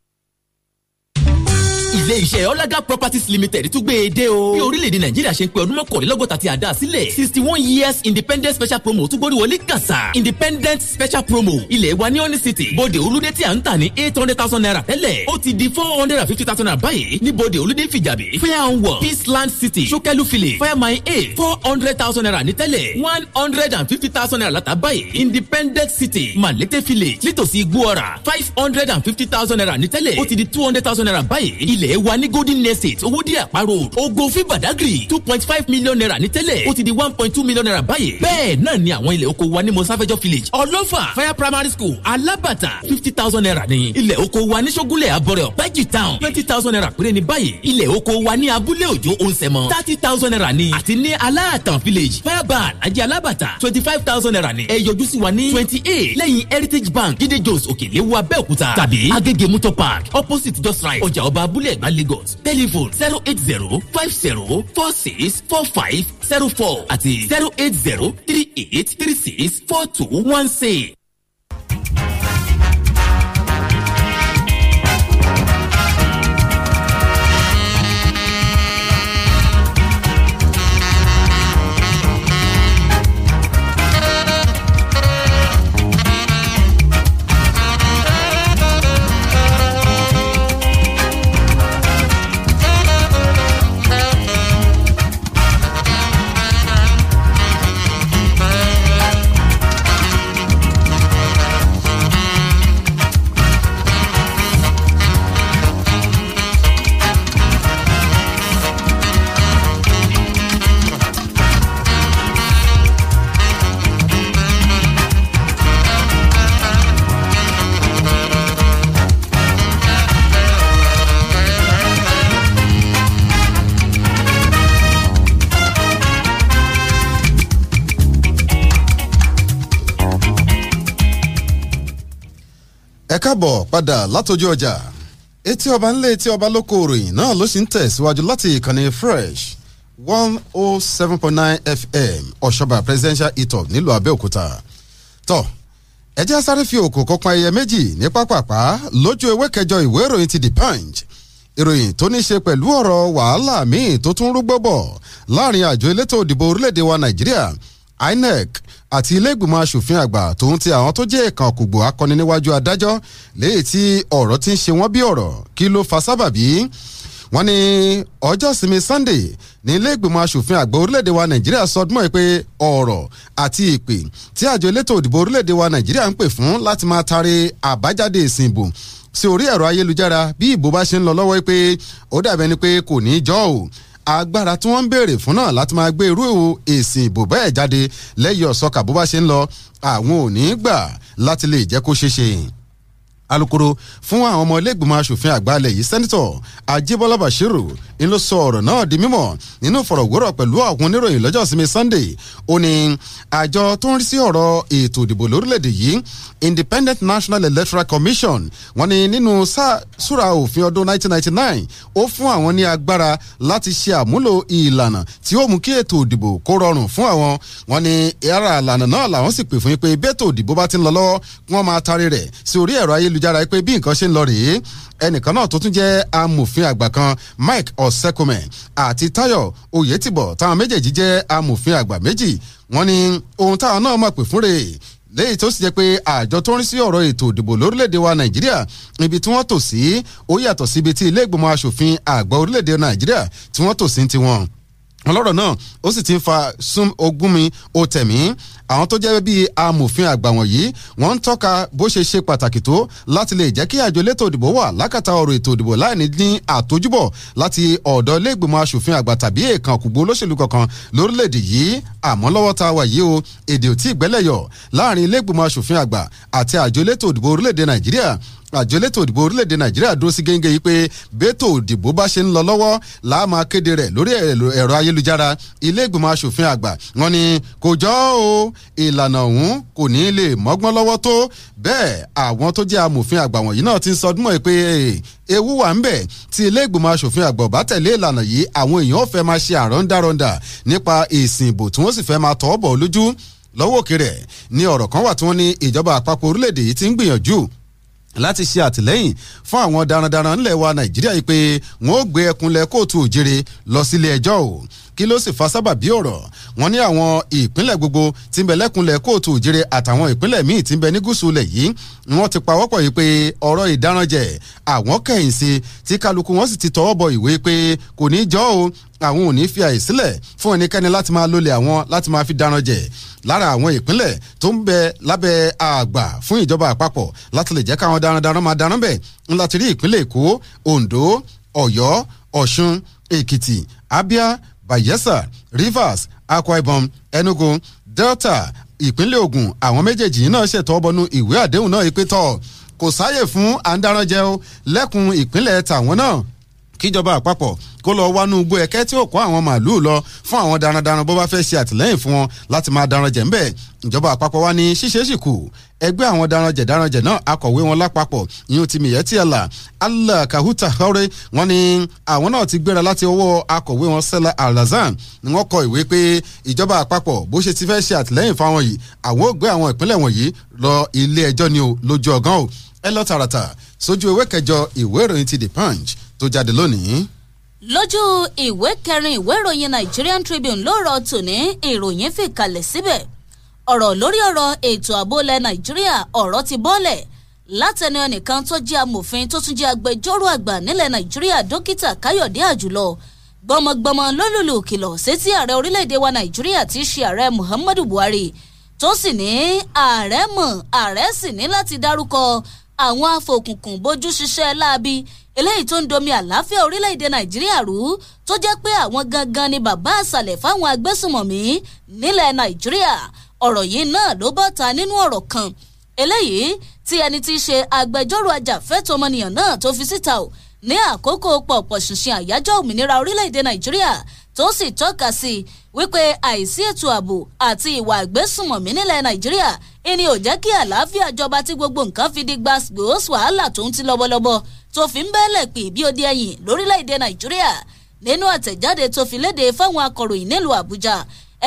ilé-iṣẹ́ ọlágá properties limited tún gbé e dé o. bí orílẹ̀-èdè nàìjíríà ṣe pé ọdún mọ́kànlélọ́gọ́ta ti àdá sílẹ̀ sixty one years independent special promo tún gbórí wọlé kàṣà independent special promo ilẹ̀ wa ní honey city bòde olúdé tí à ń tà ní eight hundred thousand naira tẹ́lẹ̀ ó ti di four hundred and fifty thousand naira báyìí ní bòde olúdé fìjàbí fair and work peaceland city sokelu village my eight four hundred thousand naira ní tẹ́lẹ̀ one hundred and fifty thousand naira látà báyìí independent city malete village nítòsí gbúọ̀rà five hundred and fifty thousand naira ní tẹ́lẹ̀ ó ti di two hundred thousand naira báyìí ilẹ̀ wa ní golden estate owódì àpá road ogo fi badagry two point five million naira ní tẹ́lẹ̀ ó ti di one point two million naira báyìí bẹ́ẹ̀ náà ni àwọn ilẹ̀ oko wa ní mosafejo village ọlọ́fà fire primary school alábàtà fifty thousand naira ní ilẹ̀ oko wa ní sọ́gúnlẹ̀ abọ́rẹ̀ bájì town twenty thousand naira péré ní báyìí ilẹ̀ oko wa ní abúlé òjò oǹsẹ̀mọ̀ thirty thousand naira ní àti ní aláàtàn village firebar ajé alábàtà twenty five thousand naira ní ẹ yọjú sí wa ní twenty eight lẹ́yìn heritage bank gídé jones òkèlè wa abẹ́òkúta tàbí agége opposite just right ọjà ọba ẹ̀gbá Lagos telephone zero eight zero five zero four six four five zero four àti zero eight zero three eight three six four two one six. káàbọ̀ padà látọjú ọjà etí ọba ńlẹ̀ etí ọba lóko òròyìn náà ló sì ń tẹ̀síwájú láti ìkànnì fresh one oh seven point nine fm ọ̀ṣọ́bà presidential etop nílùú abẹ́òkúta tọ́ ẹjẹ́ sáré fi òkò kọpọn ẹyẹ méjì ní pápápá lójú ewé kẹjọ ìwé ìròyìn ti the punch ìròyìn tó ní ṣe pẹ̀lú ọ̀rọ̀ wàhálà míì tó tún rúgbó bọ̀ láàrin àjọ elétò òdìbò orílẹ̀-èdè wa nàìjíríà INEC àti iléègbìmọ̀ asòfin àgbà tòun ti àwọn tó jẹ́ ẹ̀kan òkùgbò akọni níwájú adájọ́ léyìí tí ọ̀rọ̀ ti ń ṣe wọ́n bí ọ̀rọ̀ kí ló fa sábàbí wọ́n ní ọjọ́ sinmi Sunday ní iléègbìmọ̀ asòfin àgbà orílẹ̀-èdè wa Nàìjíríà sọdúnmọ́ pé ọ̀rọ̀ àti ìpè tí àjọ elétò òdìbò orílẹ̀-èdè wa Nàìjíríà ń pè fún láti máa tari àbájáde ìsìn ìbò sí orí ẹ̀rọ ayélujára bí ìbò bá ṣe ń lọ lọ́wọ́ pé ó dàbẹ́ni pé kò ní í jọ́ ò agbára tí wọ́n ń béèrè fún náà láti máa gbé irú èsì ìbò bẹ́ẹ̀ jáde lẹ́yìn ọ̀sọ́kà bó bá ṣe ń lọ àwọn ò ní gbà láti lè jẹ́ kó ṣeé ṣe alukoro fún àwọn ọmọ ilégbìmọ̀ asòfin àgbà ilẹ̀ yìí sẹ́nitọ̀ Ajíbọ́lá Bashiru ń ló sọ ọ̀rọ̀ náà di mímọ̀ nínú ìfọ̀rọ̀wérọ̀ pẹ̀lú àwọn oníròyìn lọ́jọ́ sinmi Sunday ó ní àjọ tó ń rí sí ọ̀rọ̀ ètò ìdìbò lórílẹ̀ yìí Independent National Electoral Commission wọ́n ní nínú súra òfin ọdún 1999 ó fún àwọn ní agbára láti ṣe àmúlò ìlànà tí ó mú kí ètò ìdìbò kó rọrùn fún àwọn wọ́n ní ara ìlànà náà làwọn sì pè fún yín pé bẹ́tò ìdìbò bá ti ń lọ lọ́wọ́ wọ́n máa tarí rẹ̀ sí orí ẹ̀rọ ayélujára ayélujára pé bí nǹkan ṣe ń lọ rèé ẹnìkan náà tó tún jẹ́ amòfin àgbà kan Mike Osekome àti Tayo Oyetibo táwọn méjèèjì jẹ́ amòfin àgbà méjì wọ́n ní ohun táwọn náà mọ̀ pé fúnre léyìí tó sì jẹ́ pé àjọ tó ń rí sí ọ̀rọ̀ ètò ìdìbò lórílẹ̀‐èdè wa nàìjíríà ibi tí wọ́n tò sí ó yàtọ̀ síbi tí ilé ìgbìmọ̀ asòfin àgbà orílẹ̀‐èdè nàìjíríà tí wọ́n tò sí tiwọn ọlọ́rọ̀ náà ó sì ti ń fa sún ogún mi ó tẹ̀mí àwọn tó jẹ́ bíi amòfin àgbà wọ̀nyí wọ́n ń tọ́ka bó ṣe ṣe pàtàkì tó láti lè jẹ́ kí àjọ elétò òdìbò wà lákàtà ọ̀rọ̀ ètò òdìbò láì ní àtójúbọ̀ láti ọ̀dọ̀ ilé ìgbìmọ̀ asòfin àgbà tàbí èèkàn kùgbó olóṣèlú kankan lórílẹ̀‐èdè yìí àmọ́ lọ́wọ́ tá a wà yìí o èdè ò tí ì gbẹ́lẹ̀yọ̀ láàrin ilé ìgbìmọ̀ asòfin àgbà àti àjọ elétò òdìbò orílẹ̀-èdè nàìjíríà àjọ elétò òdìbò orílẹ̀-èdè nàìjíríà dúró sí gẹ́gẹ́ yìí pé bẹ́tò òdìbò bá ṣe ń lọ lọ́wọ́ làá máa kéde rẹ̀ lórí ẹ̀rọ ayélujára ilé asòfin àgbà wọ́n ní kò jọ́ o ìlànà ọ̀hún kò ní lè mọ́gbọ́n lọ́wọ́ tó bẹ́ẹ̀ àwọn tó jẹ́ amòfin àgbà wọ̀nyí náà ti ń sọdún mọ́ pé ewu wà ń bẹ tí ilé ìgbìmọ̀ asòfin àgbà ọ̀bá tẹ̀lé ìlànà yìí àwọn èèyàn fẹ́ máa ṣe àrọ́ndàrọ́ndà nípa èsì ìbò tí wọ́n sì fẹ́ máa tọ́ bọ̀ lójú lọ́wọ́ òkè rẹ̀ ní ọ̀rọ̀ kan wà tí wọ́n ní ìjọba àpapọ̀ orílẹ̀-èdè yìí ti ń gbìyànjú láti ṣe àtìlẹ́yìn fún àwọn darandaran ńlẹ̀ wa nàìjíríà yìí pé wọ́n ó gbé ẹkùnlẹ̀ kóòtù òjèrè lọ sílé ẹjọ́ o kí ló sì fa sábàbí ọ̀rọ̀ wọn ní àwọn ìpínlẹ̀ gbogbo tí ń bẹ lẹ́kùnlẹ̀ kóòtù òjire àtàwọn ìpínlẹ̀ míì tí ń bẹ ní gúúsù ilẹ̀ yìí ni wọ́n ti pawọ́pọ̀ yìí pé ọ̀rọ̀ ìdáranjẹ àwọn kẹ̀yìn sí tí kálukú wọn sì ti tọwọ́ bọ ìwé pé kò ní jọ́ o àwọn ò ní fi àyè sílẹ̀ fún ẹnikẹ́ni láti máa lólè àwọn láti máa fi dáran jẹ lára àwọn ìpínlẹ̀ tó ń bẹ lábẹ́ àgbà fún ìjọba àpapọ̀ láti lè jẹ́ káwọn darandaran máa daran bẹ̀ ńlá ti rí ìpínlẹ̀ èkó ondo ọ̀yọ́ ọ̀ṣun èkìtì abia bayelsa rivers akwa ibom enugu delta ìpínlẹ̀ ogun àwọn méjèèjì náà ṣètò ọbọnú ìwé àdéhùn náà ìpẹ́tọ̀ kò sáyè fún àǹdarànjẹ lẹ́kùn ìpínlẹ̀ tàwọn náà kíjọba àpapọ̀ kó lọ wánú igbó ẹ̀kẹ́ tí ó kó àwọn màálùú lọ fún àwọn darandaran bó bá fẹ́ ṣe àtìlẹ́yìn fún wọn láti máa daran jẹ̀ ńbẹ̀ ìjọba àpapọ̀ wa ní ṣíṣe sì kù ẹgbẹ́ àwọn daranjẹ̀ daranjẹ̀ náà akọ̀wé wọn lápapọ̀ ìyẹn ti mìyẹ́ tí ẹ là Allah Kahuta Hore wọn ni àwọn náà ti gbéra láti ọwọ́ akọ̀wé wọn Sẹ́lá Alhassan ni wọ́n kọ ìwé pé ìjọba àpapọ̀ bó ṣe ti fẹ́ ṣe àtìlẹ́yìn fáwọn yìí àwọn ò gbé àwọn ìpínlẹ̀ wọ̀nyí lọ ilé ẹjọ́ ni o lójú ọgán o ẹ lọ tààràtà sójú ewé kẹjọ ìwé ìròyìn ti The Punch tó jáde lónìí. lójú ìwé kẹrin ìwé ìròyìn Nigerian Tribune ló rọ tòní ìròyìn fìkàlẹ̀ síbẹ̀ ọ̀rọ̀ lórí ọ̀rọ̀ ètò ààbò ilẹ̀ Nàìjíríà ọ̀rọ̀ ti bọ́ọ̀lẹ̀ látẹnu ẹnìkan tó jẹ́ amòfin tó tún jẹ́ agbẹjọ́rò àgbà nílẹ̀ Nàìjíríà dókítà Káyọ̀dé Àjùlọ gbọmọgbọmọ lólùlù kìlọ̀ sétí ààrẹ orílẹ̀-èdè wa Nàìjíríà ti ṣe ààrẹ Muhammadu Buhari tó sì ní ààrẹ mọ̀ ààrẹ sì ní láti dárúkọ àwọn afòkùnkùn bójú ṣiṣẹ́ láabi eléyìí tó ń domi àlàáfíà orílẹ̀-èdè nàìjíríà rú tó jẹ́ pé àwọn gangan ni bàbá àṣàlẹ̀ fáwọn agbésùmọ̀mí nílẹ̀ nàìjíríà ọ̀rọ̀ yìí náà ló bọ́ ta nínú ọ̀rọ̀ kan eléyìí tí ẹni tí í ṣe agbẹjọ́rò ajàfẹ́tọ̀ọ́ ọmọnìyàn náà tó fi síta ò ní àkókò pọ̀pọ̀ ṣìnṣìn àyájọ́ òmìnira orílẹ̀-èdè nàìjíríà tó sì tọ́ka sí wípé àìsí ètò ààbò àti ìwà àgbésùmọ̀mí nílẹ̀ nàìjíríà ìní ò jẹ́ kí àlàáfíà jọba tí gbogbo nǹkan fi di gbàgbós wàhálà tó ń ti lọ́bọ̀lọ́bọ̀ tó fi ń bẹ́lẹ̀ pè bí odi ẹ̀yìn lórílẹ̀‐èdè nàìjíríà nínú àtẹ̀jáde tó fi léde fáwọn akọ̀ròyìn nílùú àbújá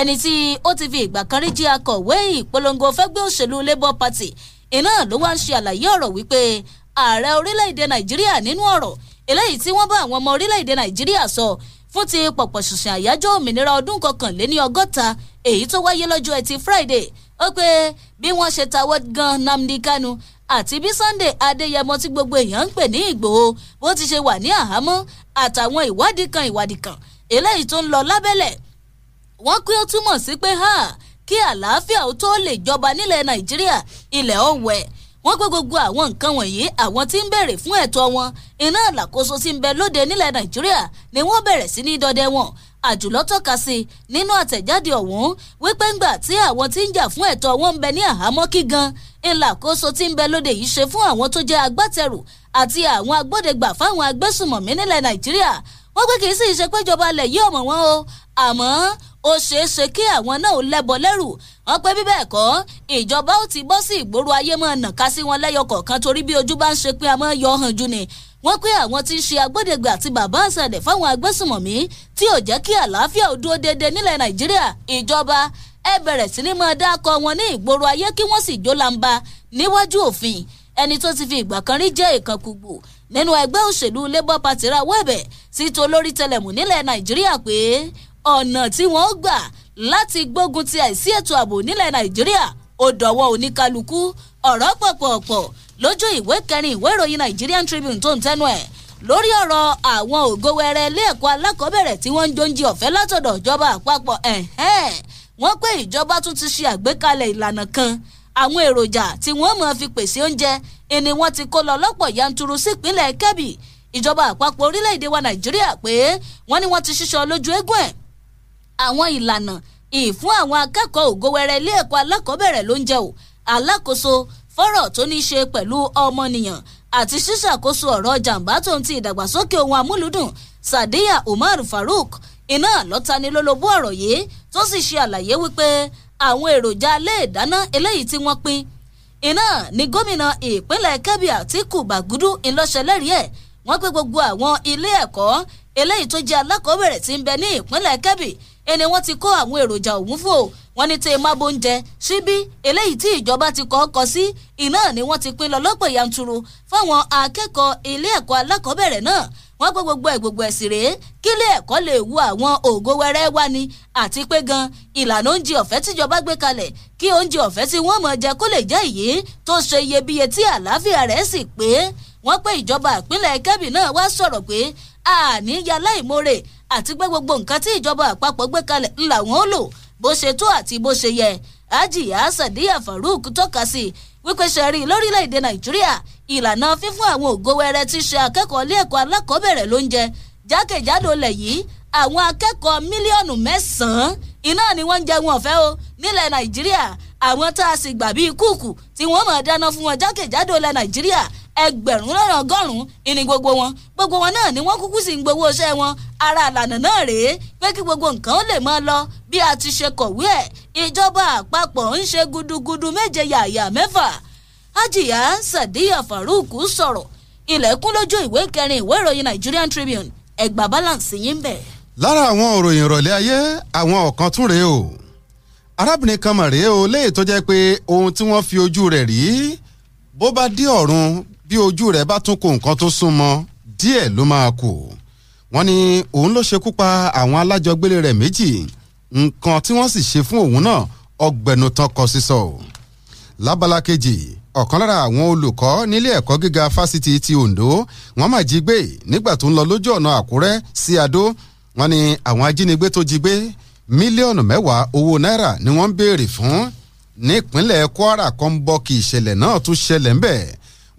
ẹni tí ó ti fi ìgbà kan rí jí akọ̀wé ìpolongo fẹ́gbẹ́ òṣèlú labour party iná ló wá ń ṣe àlàyé ọ̀rọ̀ wípé ààrẹ orílẹ̀‐èdè nàìjíríà nínú ọ̀rọ̀ eléyìí tí wọ́n bá àwọn ọmọ orílẹ̀‐èdè nàìjíríà sọ fún ti pọ̀pọ̀ ṣùṣìn àyájọ́ òmìnira ọdún kọkànléní ọgọ́ta èyí tó wáyé lọ́jọ́ ẹtì Friday ó pé bí wọ́n ṣe tawọ́ gan Nnamdi Kanu àti bí Sunday Adéyẹmọ tí gbogbo èèyàn ń pè ní Ìgbòho bó ti ṣe wà ní àhámọ́ àtàwọn ìwádìí kan ìwádìí kan eléyìí tó ń lọ lábẹ́lẹ̀ wọ́n pé ó túmọ̀ sí pé kí àlàáfíà ó tó lè jọba nílẹ̀ Nàìjíríà ilẹ̀ ọ̀wẹ̀ wọ́n pé gbogbo àwọn nǹkan wọ̀nyí àwọn tí ń béèrè fún ẹ̀tọ́ wọn iná àlàkóso tí ń bẹ lóde nílẹ̀ Nàìjíríà ni wọ́n bẹ̀rẹ̀ sí ní dọdẹ wọn àjùlọ tọ́ka sí nínú àtẹ̀jáde ọ̀hún wípé ńgbà tí àwọn tí ń jà fún ẹ̀tọ́ wọn ń bẹ ní àhámọ́ kí gan ńlá àkóso tí ń bẹ lóde yìí ṣe fún àwọn tó jẹ́ agbátẹrù àti àwọn agbódegbà fáwọn agbésùmọ̀mí nílẹ̀ Nàìjíríà wọ́n pé kì í sì ṣe péjọba alẹ̀ yìí ọ̀mọ̀ wọn o àmọ́ ó ṣeé ṣe kí àwọn náà lẹ́bọ lẹ́rù wọ́n pé bíbẹ̀ ẹ̀kọ́ ìjọba ó ti bọ́ sí ìgboro ayé máa nàka sí wọn lẹ́yọ kọ̀ọ̀kan torí bí ojú bá ń ṣe pé a máa yọ hàn jù ni wọ́n pé àwọn tí ń ṣe agbódegbè àti bàbá àṣàdẹ̀ fáwọn agbésùmọ̀mí tí ò jẹ́ kí àlàáfíà ó dúró déédéé nílẹ̀ nàìjíríà ìjọba ẹ bẹ̀rẹ̀ sí ní máa dákọ wọn ní ìgboro ayé kí wọ́n sì jó lamba níwájú òfin ẹni tó ti fi ìgbà kan rí jẹ́ ìkànkùgbò nínú ẹgbẹ́ òṣèlú labour party rawọ́ ẹ̀bẹ̀ sí tolórí tẹlẹ̀mù nílẹ̀ nàìjíríà pé ọ̀nà tí wọ́n gbà láti gbógun ti àìsí ètò ààbò nílẹ̀ nàìjíríà ó dọ̀wọ́ oníkálukú ọ̀rọ̀ pọ̀pọ̀pọ̀ lójú ìwé kẹrin ìwé ìròyìn Nigerian Tribune tó ń tẹnu ẹ̀ lórí ọ̀rọ̀ àwọn ògowẹrẹ ilé ẹ̀kọ́ alákọ̀ọ́bẹ̀rẹ̀ tí wọ́n ń jóúnjẹ ọ̀fẹ́ látọ̀dọ̀ ìjọba àpapọ̀ wọ́n pé ìjọba tún ti ṣe àgbékalẹ̀ ìlànà kan àwọn èròjà tí wọ́n máa fi pèsè oúnjẹ ẹni wọ́n ti kó lọ lọ́pọ̀ yanturu sípínlẹ̀ Kẹ́bì ìjọba àpapọ̀ orílẹ̀-èdè wa Nàìjíríà pé wọ́n ní wọ́n ti ṣíṣọ lójú eégún ẹ̀ àwọn ìlànà ìfún àwọn akẹ́kọ̀ọ́ ògowẹrẹ ilé ẹ̀kọ́ alákọ̀ọ́bẹ̀rẹ̀ ló ń jẹ́ o alákòóso fọ́rọ̀ tó ní í ṣe pẹ̀lú ọmọnìyàn àti ṣíṣàkóso ọ̀rọ̀ jàǹbá tó ń ti ìdàgbàsókè ohun amúlùdùn Sadiya Umar Farouk iná lọ́tanilólobó ọ̀rọ̀ yìí tó sì ṣe àlàyé wípé àwọn èròjà alẹ́ ìdáná eléyìí tí wọ́n pín iná ni gómìnà ìpínlẹ̀ Kebbi Àtíkù Bàgúdú ńlọ́ṣẹ́lẹ́rìí ẹ̀ wọ́n pé gbogbo àwọn ilé ẹ̀kọ́ eléyìí tó jẹ́ alákọ̀ọ́bẹ̀rẹ̀ tí ń bẹ ní ìpínlẹ̀ Kebbi ẹni wọ́n ti kó àwọn èròjà òun fò wọ́n ní tẹ́ ẹ má bóúnjẹ síbí eléyìí tí ìjọba ti kọ́ kọ sí iná ni wọ́n ti pín lọ lọ́pọ̀ yanturu fáwọn akẹ́kọ̀ọ́ ilé ẹ̀kọ́ alákọ̀ọ́bẹ̀rẹ̀ náà wọ́n gbé gbogbo ẹ̀ gbogbo ẹ̀ sì rèé kílé ẹ̀kọ́ lè wu àwọn ògo wẹ́rẹ́ wá ni àti pé gan ìlànà oúnjẹ ọ̀fẹ́ tíjọba gbé kalẹ̀ kí oúnjẹ ọ̀fẹ́ tí wọ́n mọ̀ jẹ kó lè jẹ́ èyí tó ṣe iyebíye tí àlàáfíà rẹ̀ sì pé wọ́n pé ìjọba ìpínlẹ̀ Kẹ́bì náà wá sọ̀rọ̀ pé àníyá láìmoore àti pé gbogbo nǹkan tí ìjọba àpapọ̀ gbé kalẹ̀ ńlá wọn lò bó ṣe tó àti bó ṣe yẹ Hajiya Sadiya Farouk tọ́ka sí i wípé sẹ́rí lórílẹ̀‐èdè nàìjíríà ìlànà fífún àwọn ògo wẹrẹ ti ṣe akẹ́kọ̀ọ́ ilé ẹ̀kọ́ alákọ̀ọ́bẹ̀rẹ̀ lóúnjẹ jákèjádò lẹ̀ yìí àwọn akẹ́kọ̀ọ́ mílíọ̀nù mẹ́sàn-án iná ni wọ́n ń jẹ wọn ọ̀fẹ́ o nílẹ̀ nàìjíríà àwọn tá a sì gbà bíi kúùkù tí wọ́n mọ̀ dáná fún wọn jákèjádò lẹ̀ nàìjíríà ẹgbẹ̀rún lọ́nà ọgọ́rùn-ún ìní gbogbo wọn gbogbo wọn náà ni wọ́n kúkú sì ń gbowó iṣẹ́ wọn ara àlànà náà rèé pé kí gbogbo nǹkan lè máa lọ bí a ti ṣe kọ̀wé ẹ̀ ìjọba àpapọ̀ ń ṣe gudugudu méje yàyà mẹ́fà ajiya sadiya farouk sọ̀rọ̀ ilẹ̀kùn lójú ìwé kẹrin ìwé ìròyìn Nigerian Tribune ẹgbà balance yín bẹ̀. lára àwọn òròyìn ìrọ̀lẹ́ ayé àwọn ọ̀kan tún rèé o arábìnrin kan mà rèé o léyìí tó jẹ́ pé ohun tí wọ́n fi ojú rẹ̀ rí bó bá dé ọ̀run bí ojú rẹ̀ bá tún kó nǹkan tó sún mọ́ díẹ̀ ló máa kù wọ́n ní òun ló ṣekú pa àwọn alájọgbélé rẹ̀ méjì nǹkan tí wọ́n sì ṣe fún òun náà ọgbẹ̀nu tán kọ sísọ lábala kejì ọ̀kan lára àwọn olùkọ́ nílé ẹ̀kọ́ gíga fásitì ti Ondo wọ́n máa jí gbé nígbà tó ń lọ lójú ọ̀nà Àkúrẹ́ sí Adó wọ́n ní àwọn ajínigbé tó jí gbé mílíọ̀nù mẹ́wàá owó náírà ni wọ́n ń béèrè fún nípínlẹ̀ Kwara kan ń bọ́ kí ìṣẹ̀lẹ̀ náà tún ṣẹlẹ̀ ńbẹ̀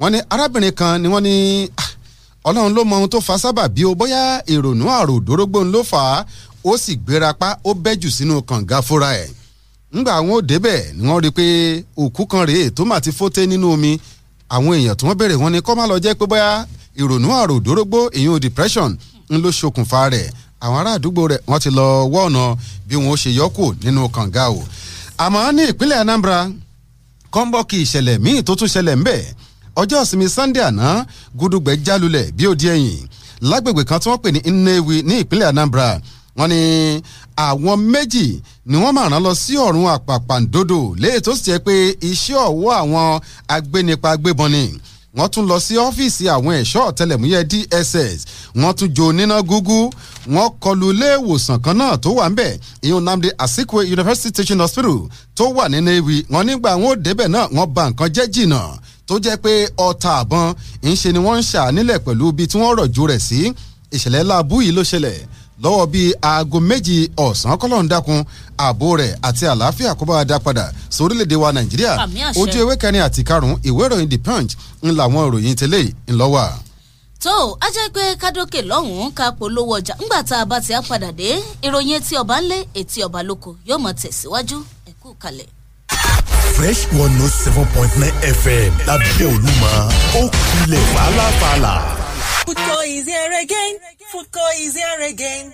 wọ́n ní arábìnrin kan ni wọ́n ní ah, ọlọ́run ló mọ ohun tó fa sábàbí o bóyá ìrònú àrò òdòrógbó ló fà á ó sì gbéra pa ó bẹ́jù sínú kànga fúnra ẹ̀ ńgbà àwọn ò débẹ̀ ni wọ́n rí i pé òkú kan rèé tó mà ti fóté nínú omi àwọn èèyàn tí wọ́n béèrè wọn ni kọ́ má lọ jẹ́ pé bóyá ìrònú àrò òdòrógbó èèyàn depression ń ló ṣokùnfà rẹ̀ àwọn ará àdúgbò rẹ̀ wọ́n ti lọ wọ́ ọ̀nà bí wọ́n ṣe yọkù nínú kànga o àmọ́ ní ìpínlẹ̀ Anambra kọ́ńbọ́ọ̀kì ìṣẹ̀lẹ̀ míì tó tún ṣẹlẹ̀ ńbẹ̀ ọjọ́ ìsinmi sunday àná gúdúgbẹ́ jálulẹ̀ bí ó di ẹ̀yìn lágbègbè kan tí wọ́n pè ní nnewi ní ìpínlẹ̀ anambra wọ́n ní àwọn méjì ni wọ́n máa rán lọ sí ọ̀run àpàpàǹdodo léyìí tó sì jẹ́ pé iṣẹ́ ọwọ́ àwọn agbénipa agbébọn ni wọ́n tún lọ sí ọ́fíìsì àwọn ẹ̀ṣọ́ ọ̀tẹlẹ̀múyẹ́ DSS wọ́n tún jó níná gúgú wọ́n kọlu iléèwòsàn kan náà tó wà ńbẹ̀ ìyún Nnamdi Azikiwe University Teaching Hospital tó wà ní Nnewi wọ́n nígbà wọn ò débẹ̀ náà wọ́n bà nǹkan jẹ́ jìnnà tó jẹ́ pé ọta àbọn ìṣe ni wọ́n ń ṣà nílẹ̀ pẹ̀lú ibi tí wọ́n rọ̀jò rẹ̀ sí ìṣẹ̀lẹ̀ láàbù yìí ló ṣẹlẹ̀ lọ́wọ́ bíi aago méjì ọ̀sán kọ́lọ́n dákun ààbò rẹ̀ àti àlàáfíà kó dá padà sórílẹ̀‐èdè wa nàìjíríà ojú ewé kẹrin àti karùn-ún ìwé ìròyìn the punch ń làwọn ìròyìn tẹ́lẹ̀ ńlọ́wà tó a jẹ́ pé kádókè lọ́hùn-ún ká polówó ọjà ńgbà tá a bá ti á padà dé ìròyìn etí ọba ńlé etí ọba lóko yóò mọ̀ tẹ̀síwájú ẹ̀kú kalẹ̀. Fresh one note oh seven point nine FM lábẹ́ Olúmọ ó kulẹ̀ fàlàfàlà. Foodco is here again. Foodco is here again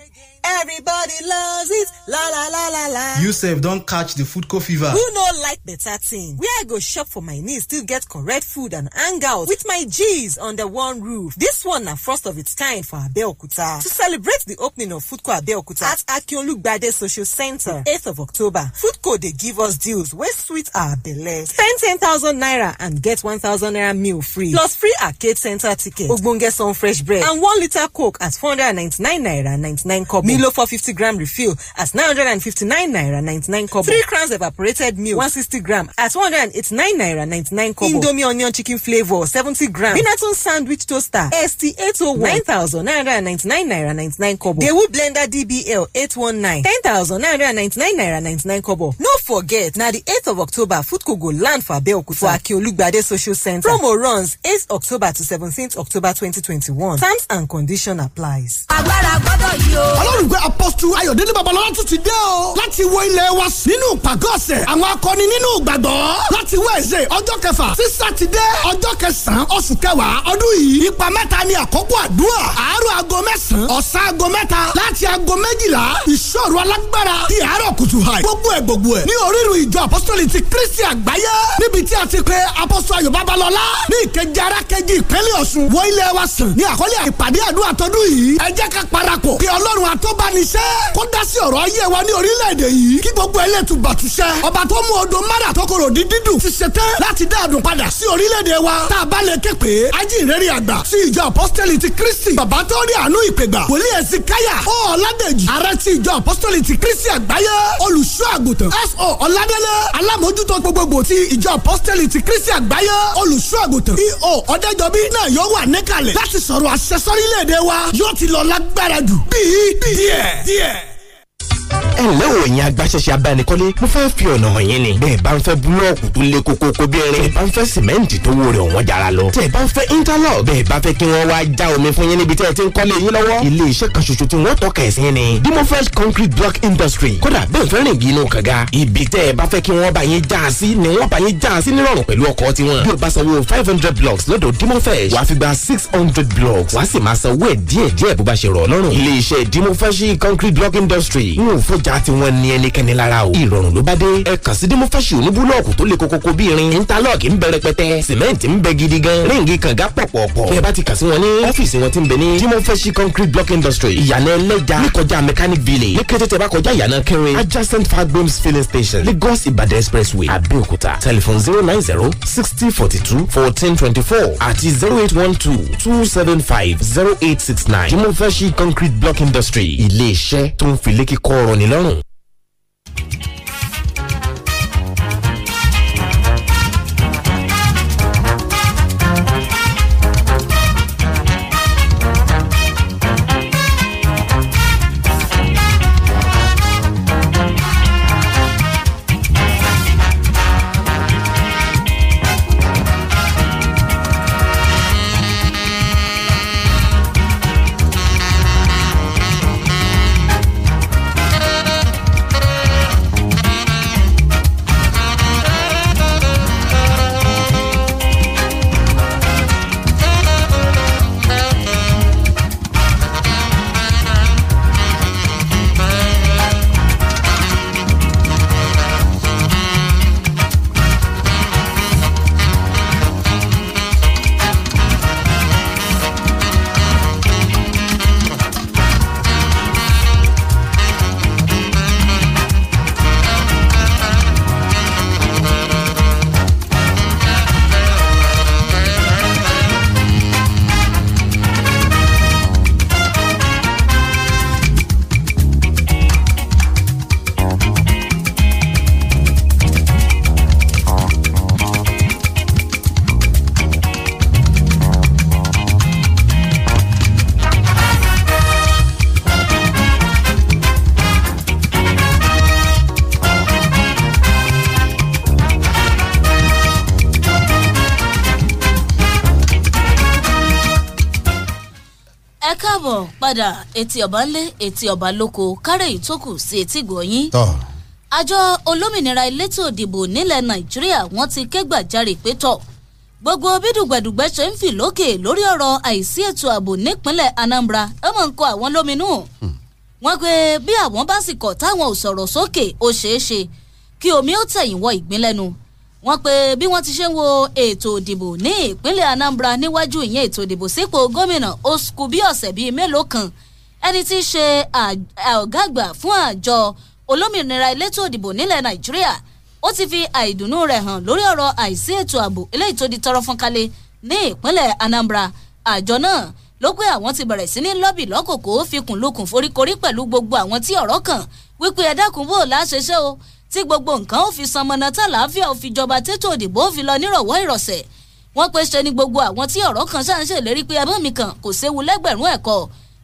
everybody loves it la la la la la. Yusef, sef don catch the food co fever. who no like better thing where i go shop for my niece still get correct food and hang out with my g's under one roof this one na first of its kind for abeokuta to celebrate the opening of foodco abeokuta at akinolugbade social Center, 8th of october foodco dey give us deals wey sweet our belle spend ten thousand naira and get one thousand naira meal free plus free arcade center ticket ogbonge sun fresh bread and one litre coke at four hundred and ninety-nine naira ninety-nine kobo. Milo 450 gram refill at 959 naira 99 kobo. 3 crowns evaporated milk 160 gram at 189 naira 99 kobo. Indomie onion chicken flavor 70 gram. Minaton sandwich toaster ST801 9999 naira 99 kobo. Dewu blender DBL 819 10999 naira 99 kobo. No forget now the 8th of October Foodco go land for Abeokuta for Akeolugbade Social Center. Promo runs 8th October to 17th October 2021. Terms and condition applies. olùgbé apọ́sítù ayọ̀délé babalọ́lá tún ti dé o láti wo ilẹ̀ wa nínú ìpàgọ́ ọ̀sẹ̀ àwọn akọni nínú ìgbàgbọ́ láti wẹ̀ẹ́sẹ̀ ọjọ́ kẹfà sí sátidé ọjọ́ kẹsàn-án oṣù kẹwàá ọdún yìí ipa mẹ́ta ni àkókò àdúrà àárọ̀ aago mẹ́sàn-án ọ̀sán aago mẹ́ta láti aago méjìlá ìṣòro alágbára di àárọ̀ kùtù hàì gbogbo ẹ̀ gbogbo ẹ̀ ní orírun ìjọ apọ́sítọ́lì ti kristi àgbáyé níbi tí a ti pe apọ́sítọ́ ayọ̀ babalọ́lá ní ìkejì arákejì ìpínlẹ̀ ọ̀ṣun wọ ilẹ̀ wa sàn ní àkọlé ìpàdé àdúrà tọdún yìí ẹ jẹ́ ká parapọ̀ kí ọlọ́run tó bá níṣẹ́ kó dá sí ọ̀rọ̀ ayé wa ní orílẹ̀-èdè yìí kí gbogbo ẹlẹ́tù bàtúṣẹ́ ọba tó mú odò mara tọkọrọ di dídùn ti ṣetán láti dá àdùn padà sí orílẹ̀-èdè wa tá a bá lè ké pé ajínrere àgbà sí ìjọ apọ́sítẹ́lì ti kristi bàbá tó rí àánú ìpègbà wòlíì ẹ̀sìn káyà ó ọ̀làdẹ̀jì ààrẹ ti ìjọ apọ́sítẹ́lì ti kristi àgbáyé olùṣọ́ àgùntàn so ọ̀làdẹ́lẹ̀ alámòjútó gbogbogbò ti ìjọ apọ́sítẹ́lì ti kristi àgbáyé olùṣọ́ àgùntàn eo ọ̀dẹ́jọbí náà yóò wà níkàlẹ̀ láti sọ̀rọ̀ àṣẹ sórílẹ̀-èdè wa yóò ti lọ lágbára jù bíi Yeah! Yeah! ẹ ǹlẹ́ o ìyẹn agbaṣẹ́ṣe abánikọ́lé mo fẹ́ fi ọ̀nà hàn yín ni. bẹ́ẹ̀ bá ń fẹ́ búlọ́ọ̀kù tó lé kókókó bí irin. bẹ́ẹ̀ bá ń fẹ́ sìmẹ́ǹtì tó wo rẹ̀ jara lọ. tẹ̀ bá ń fẹ́ interlock. bẹ́ẹ̀ bá fẹ́ kí wọ́n wá já omi fún yín níbi tẹ́ ẹ ti ń kọ́lé yín lọ́wọ́. ilé iṣẹ́ kan ṣoṣo tí wọ́n tọ́ka ẹ̀sìn ni. dimofelt concrete block industry. kódà bẹ́ẹ̀ fẹ́ rìn gínú kànga. ibi tẹ́ ẹ bá fẹ́ kí wọ́n bá yín já sí ni wọ́n bá yín já sí nírọ̀rùn pẹ̀lú concrete block industry fọjà tí wọ́n ẹnikẹ́ni lára o ìrọ̀rùn ló bá dé ẹ kàn sí demofashion ní tó le kokoko bí irin intalọ́ọ̀kì ń bẹ rẹpẹtẹ sìmẹ́ǹtì ń bẹ gidi gan ríǹgì kànga pọ̀pọ̀pọ̀ bẹ́ẹ̀ bá ti kà sí wọn ní ọ́fíìsì wọn ti ń bẹ ní demofashi concrete block industry ìyànà ẹlẹ́ja níkọjá mechanic village ní kété bá kọjá ìyànà kẹrin adjacent fagbroms station expressway telephone On ní lọ́rùn. ọ̀dà etí ọba ńlé etí ọba lóko kárẹ̀ ìtókù sí etí gbọ̀nyìn. àjọ olómìnira elétò òdìbò nílẹ̀ nàìjíríà wọ́n ti ké gbàjarè pé tọ̀ gbogbo bídùgbẹ̀dùgbẹ̀ ṣe ń fì lókè lórí ọ̀rọ̀ àìsí ètò ààbò nípínlẹ̀ anambra ẹ mọ̀ ń kọ àwọn lóminú. Hmm. wọ́n pe bí àwọn bá sì kọ̀ táwọn ò sọ̀rọ̀ sókè ó ṣeé ṣe kí omi ó tẹ̀yìn wọ ìgbín lẹ́nu wọ́n pe bí wọ́n ti ṣe ń wo ètò ìdìbò ní ìpínlẹ̀ Anambra níwájú ìyẹn ètò ìdìbò sípò gómìnà ó kù bí ọ̀sẹ̀ bíi mélòó kan ẹni tí í ṣe ọ̀gá àgbà fún àjọ olómìnira elétò ìdìbò nílẹ̀ Nàìjíríà ó ti fi àìdùnnú rẹ̀ hàn lórí ọ̀rọ̀ àìsí ètò ààbò eléyìí tó di tọrọ fún kalẹ̀ ní ìpínlẹ̀ Anambra àjọ náà ló pé àwọn ti bẹ̀rẹ̀ sí ní lọ́bì lọ́kòkò fikùnlukùn foríkorí pẹ̀lú gbogbo àwọn tí ọ̀rọ̀ kàn wípé ẹ bò láṣeṣe o tí gbogbo nǹkan ó fi san mọ̀nà tá làáfíà ó fi jọba tètò òdìbò ó fi lọ nírọ̀wọ́ ìrọ̀sẹ̀ wọ́n pe ṣe ni gbogbo àwọn tí ọ̀rọ̀ kan ṣáà ń ṣèlérí pé ẹbọn mi kan kò séwu lẹ́gbẹ̀rún ẹ̀kọ́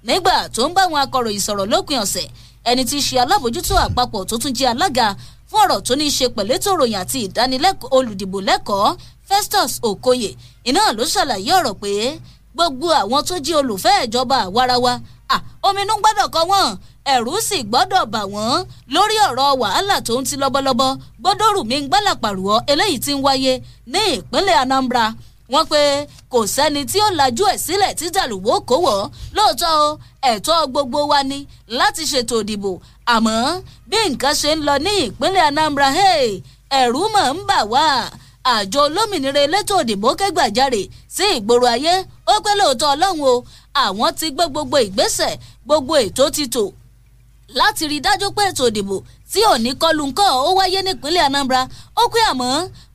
nígbà tó ń bá àwọn akọ̀ròyìn sọ̀rọ̀ lópin ọ̀sẹ̀ ẹni tí í ṣe alábòjútó àpapọ̀ tó tún jẹ́ alága fún ọ̀rọ̀ tó ní í ṣe pẹ̀lú ètò ìròyìn àti ìdánilẹ́kọ̀ọ́ olùdìbò lẹ́kọ̀ọ́ Festus Okoye iná ló ṣàlàyé ọ̀rọ̀ pé gbogbo àwọn tó jẹ́ olùfẹ́ ìjọba àwarawa ominú gbọ́dọ̀ kọ wọ́n ẹ̀rù sì gbọ́dọ̀ bà wọ́n lórí ọ̀rọ̀ wàhálà tó ń ti lọ́bọ̀lọ́bọ̀ gbọ́dọ̀ rù mí gbálà pàrọ̀ eléyìí tí ń wáyé ní ìpínlẹ̀ Anambra wọ́n pé kò sẹ́ni tí ó lajú ẹ̀ sílẹ̀ tí jàlùwò kó wọ̀ lóòótọ́ o ẹ̀tọ́ gbogbo wa ni láti ṣètò ìdìbò àmọ́ bí nǹkan ṣe ń lọ ní ìpínlẹ̀ Anambra ẹ̀rù mọ̀ ń bà wá àjọ olómìnira elétò òdìbò kẹgbàjarè sí ìgboro ayé ó pẹ́ lóòótọ́ ọlọ́run o àwọn ti gbé gbogbo ìgbésẹ̀ gbogbo ètò ti láti rí dájú pé ètò ìdìbò tí ò ní kọlù ńkọ́ ó wáyé nípínlẹ̀ Anambra ó pé àmọ́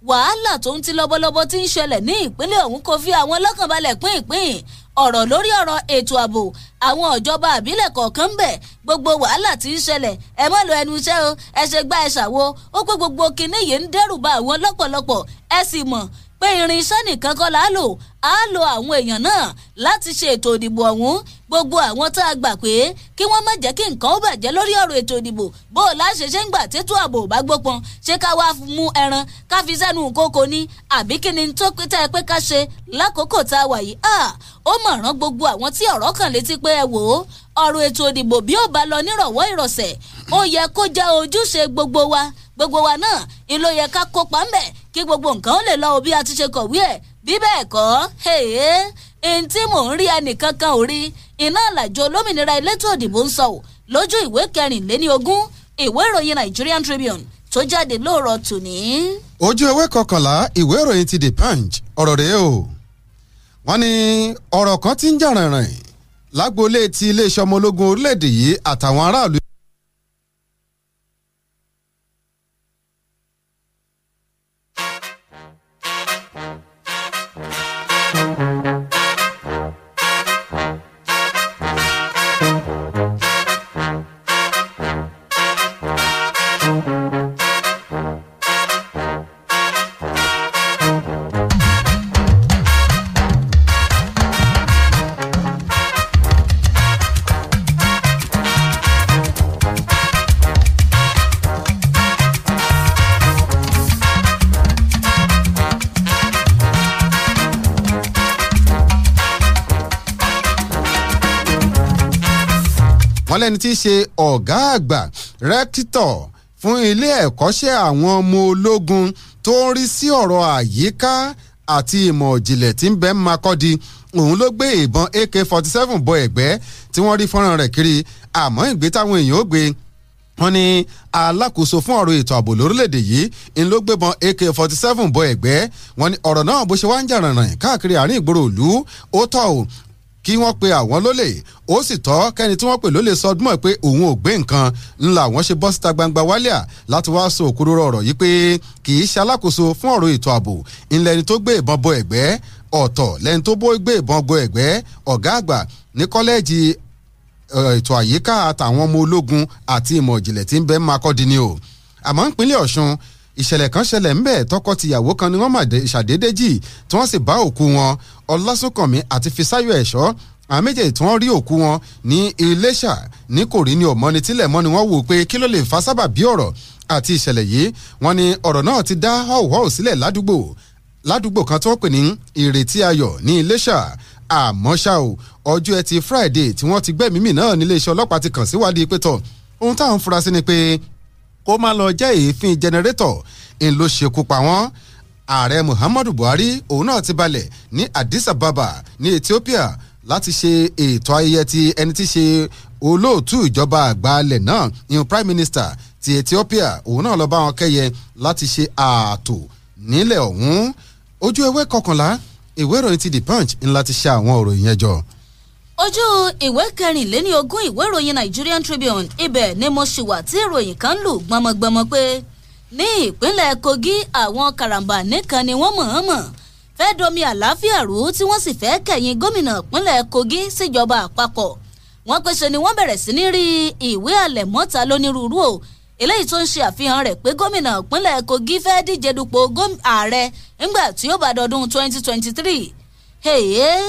wàhálà tó ń ti lọ́bọ̀lọ́bọ̀ ti ń ṣẹlẹ̀ ní ìpínlẹ̀ ọ̀hún kò fi àwọn lọ́kàn balẹ̀ pínpín ọ̀rọ̀ lórí ọ̀rọ̀ ètò ààbò àwọn ìjọba àbílẹ̀ kọ̀ọ̀kan ń bẹ̀ gbogbo wàhálà tí ń ṣẹlẹ̀ ẹ mọ̀ lọ ẹnu iṣẹ́ o ẹ ṣe gbá ẹ ṣàwo ó pé gbogbo kinní yìí ń dẹ́rù ba àwọn lọ́pọ̀lọpọ̀ ẹ sì mọ̀ pé irinṣẹ́ nìkan kọ́ la lò á lo àwọn èèyàn náà láti ṣe ètò ìdìbò ọ̀hún gbogbo àwọn tá a gbà pé kí wọ́n má jẹ́ kí nǹkan ó bàjẹ́ lórí ọ̀rọ̀ ètò ìdìbò bó o láṣẹ ṣe ń gbà tètò ààbò ò bá gbópọn ṣé ká wá mú ẹran ká fi sẹ́nu kókó ní àbí kí ni tó pété ẹ pé ká ṣe lákòókò tá a wà yìí ó mọ̀ràn gbogbo àwọn tí ọ̀rọ̀ kàn létí pé ẹ wò ó ọ̀rọ̀ ètò ìdìbò bí ó bá lọ nírọ̀wọ́ ìrọ̀sẹ̀ ó yẹ kó jẹ́ ojúṣe gbogbo wa gbogbo wa náà ìlò yẹ ká kópa ńbẹ̀ kí gbogbo nǹkan ó lè lọ bí a ti ṣe kọ̀wé ẹ̀ bí bẹ́ẹ̀ kọ́ ẹ̀ẹ́ ẹni tí mò ń rí ẹnìkankan ò rí iná àlàjò olómìnira elétò òdìbò ń sọ ò lójú ìwé kẹrìnléní ogún ìwé ìròyìn Nigerian Tribune tó jáde lóòrọ̀ tòní. ojú ewé kọkànlá ìwé ìròyìn ti The Punch ọ̀rọ̀ rèé o wọ́n ní ọ̀rọ̀ kan ti ń jà rìnrìn lágboolé ti iléeṣẹ́ ọmọ ológun orílẹ̀-èdè yìí àtàwọn aráàlú lẹ́ni tí í ṣe ọ̀gá àgbà rẹ́kítọ̀ fún ilé ẹ̀kọ́ṣẹ́ àwọn ọmọ ológun tó ń rí sí ọ̀rọ̀ àyíká àti ìmọ̀ ìjìnlẹ̀ tí ń bẹ ń makọ́di òun ló gbé ìbọn ak forty seven bọ ẹ̀gbẹ́ tí wọ́n rí fọ́nrán rẹ̀ kiri àmọ́ ìgbé táwọn èèyàn ó gbé wọ́n ní alákòóso fún ọ̀rọ̀ ètò ààbò lórílẹ̀‐èdè yìí ń ló gbébọn ak forty seven bọ ẹ̀gbẹ́ wọ́n ní ọ̀rọ̀ náà bó ṣe wá ń jà rànràn káàkiri àárín ìgboro ìlú ó tọ̀ ò kí wọ́n pe àwọn lólè ó sì tọ́ kẹ́ni tí wọ́n pè lólè sọdún mọ̀ pé òun ò gbé nǹkan ńlá àwọn ṣe bọ́ síta gbangba wálíà láti wá sọ òkúrò ọ̀rọ̀ yìí pé kì í ṣe alákòóso fún ọ̀rọ̀ ètò ààbò ńlẹ̀ ẹni tó gbé ìbọn bo ẹ̀gbẹ́ ọ̀tọ̀ lẹ́ni tó gbé ìbọn bo ẹ̀gbẹ́ ọ̀gá àgbà ní kọ́lẹ́ẹ̀jì ètò àyíká àtàwọn ọmọ ológun àti ìmọ̀ ìjìnlẹ̀ ìṣẹ̀lẹ̀ kan ṣẹlẹ̀ ńbẹ̀ tọkọ-tìyàwó kan ni wọ́n mà ṣàdédé jì tí wọ́n sì bá òkú wọn ọlásùnkànmí àti fisáyọ̀ ẹ̀ṣọ́ àwọn méjèèjì tí wọ́n rí òkú wọn ní iléṣà ní kò rí ni ò mọ́ni tílẹ̀ mọ́ni wọ́n wò pé kí ló lè fa sábàbí ọ̀rọ̀ àti ìṣẹ̀lẹ̀ yìí wọ́n ní ọ̀rọ̀ náà ti dá họ́ọ̀họ́ọ̀ sílẹ̀ ládùúgbò ládùúgbò kan tí wọ́n pè ní ìrètí ayọ̀ ní iléṣà àmọ́ ṣá o ọjọ́ ẹtì friday tí wọ́n ti gbẹ́mìí mì náà níléeṣẹ́ ọlọ́pàá ti kàn síwádìí pé tọ̀ ohun táwọn fura sí ni pé kó má lọ jẹ́ èéfín jẹnẹrétọ̀ ń ló ṣekú pa wọ́n ààrẹ muhammadu buhari òun náà ti balẹ̀ ní addis ababa ní ethiopia láti ṣe ètò ayẹyẹ ti ẹni tí ṣe olóòtú ìjọba àgbàalẹ̀ náà ìhun prime minister ti ethiopia òun náà lọ bá wọn kẹ́yẹ láti ṣe ààtò nílẹ̀ ọ̀hún ojú ewé kọkànlá ìwé ìròyìn ti the punch ńlá ti ṣe àwọn òròyìn yẹn ojú ìwé kẹrìnléní ogún ìwé ìròyìn Nigerian Tribune ibẹ̀ ni mo ṣì wà tí ìròyìn kan lù gbọmọgbọmọ pé ní ìpínlẹ̀ Kogi àwọn karambà nìkan ni wọ́n mọ̀ọ́mọ̀ fẹ́ẹ́ domi àlàáfíà rú tí wọ́n sì fẹ́ẹ́ kẹ̀yìn gómìnà ìpínlẹ̀ Kogi síjọba àpapọ̀ wọ́n pèsè ni wọ́n bẹ̀rẹ̀ sí ní rí ìwé àlẹ̀mọ́ta lónírúurú o eléyìí tó ń ṣe àfihàn rẹ̀ pé gómìnà ìpínlẹ̀ Kogi fẹ́ẹ́ díje dupò ààrẹ nígbà tí ó bá dọdún 2023 èyí eh,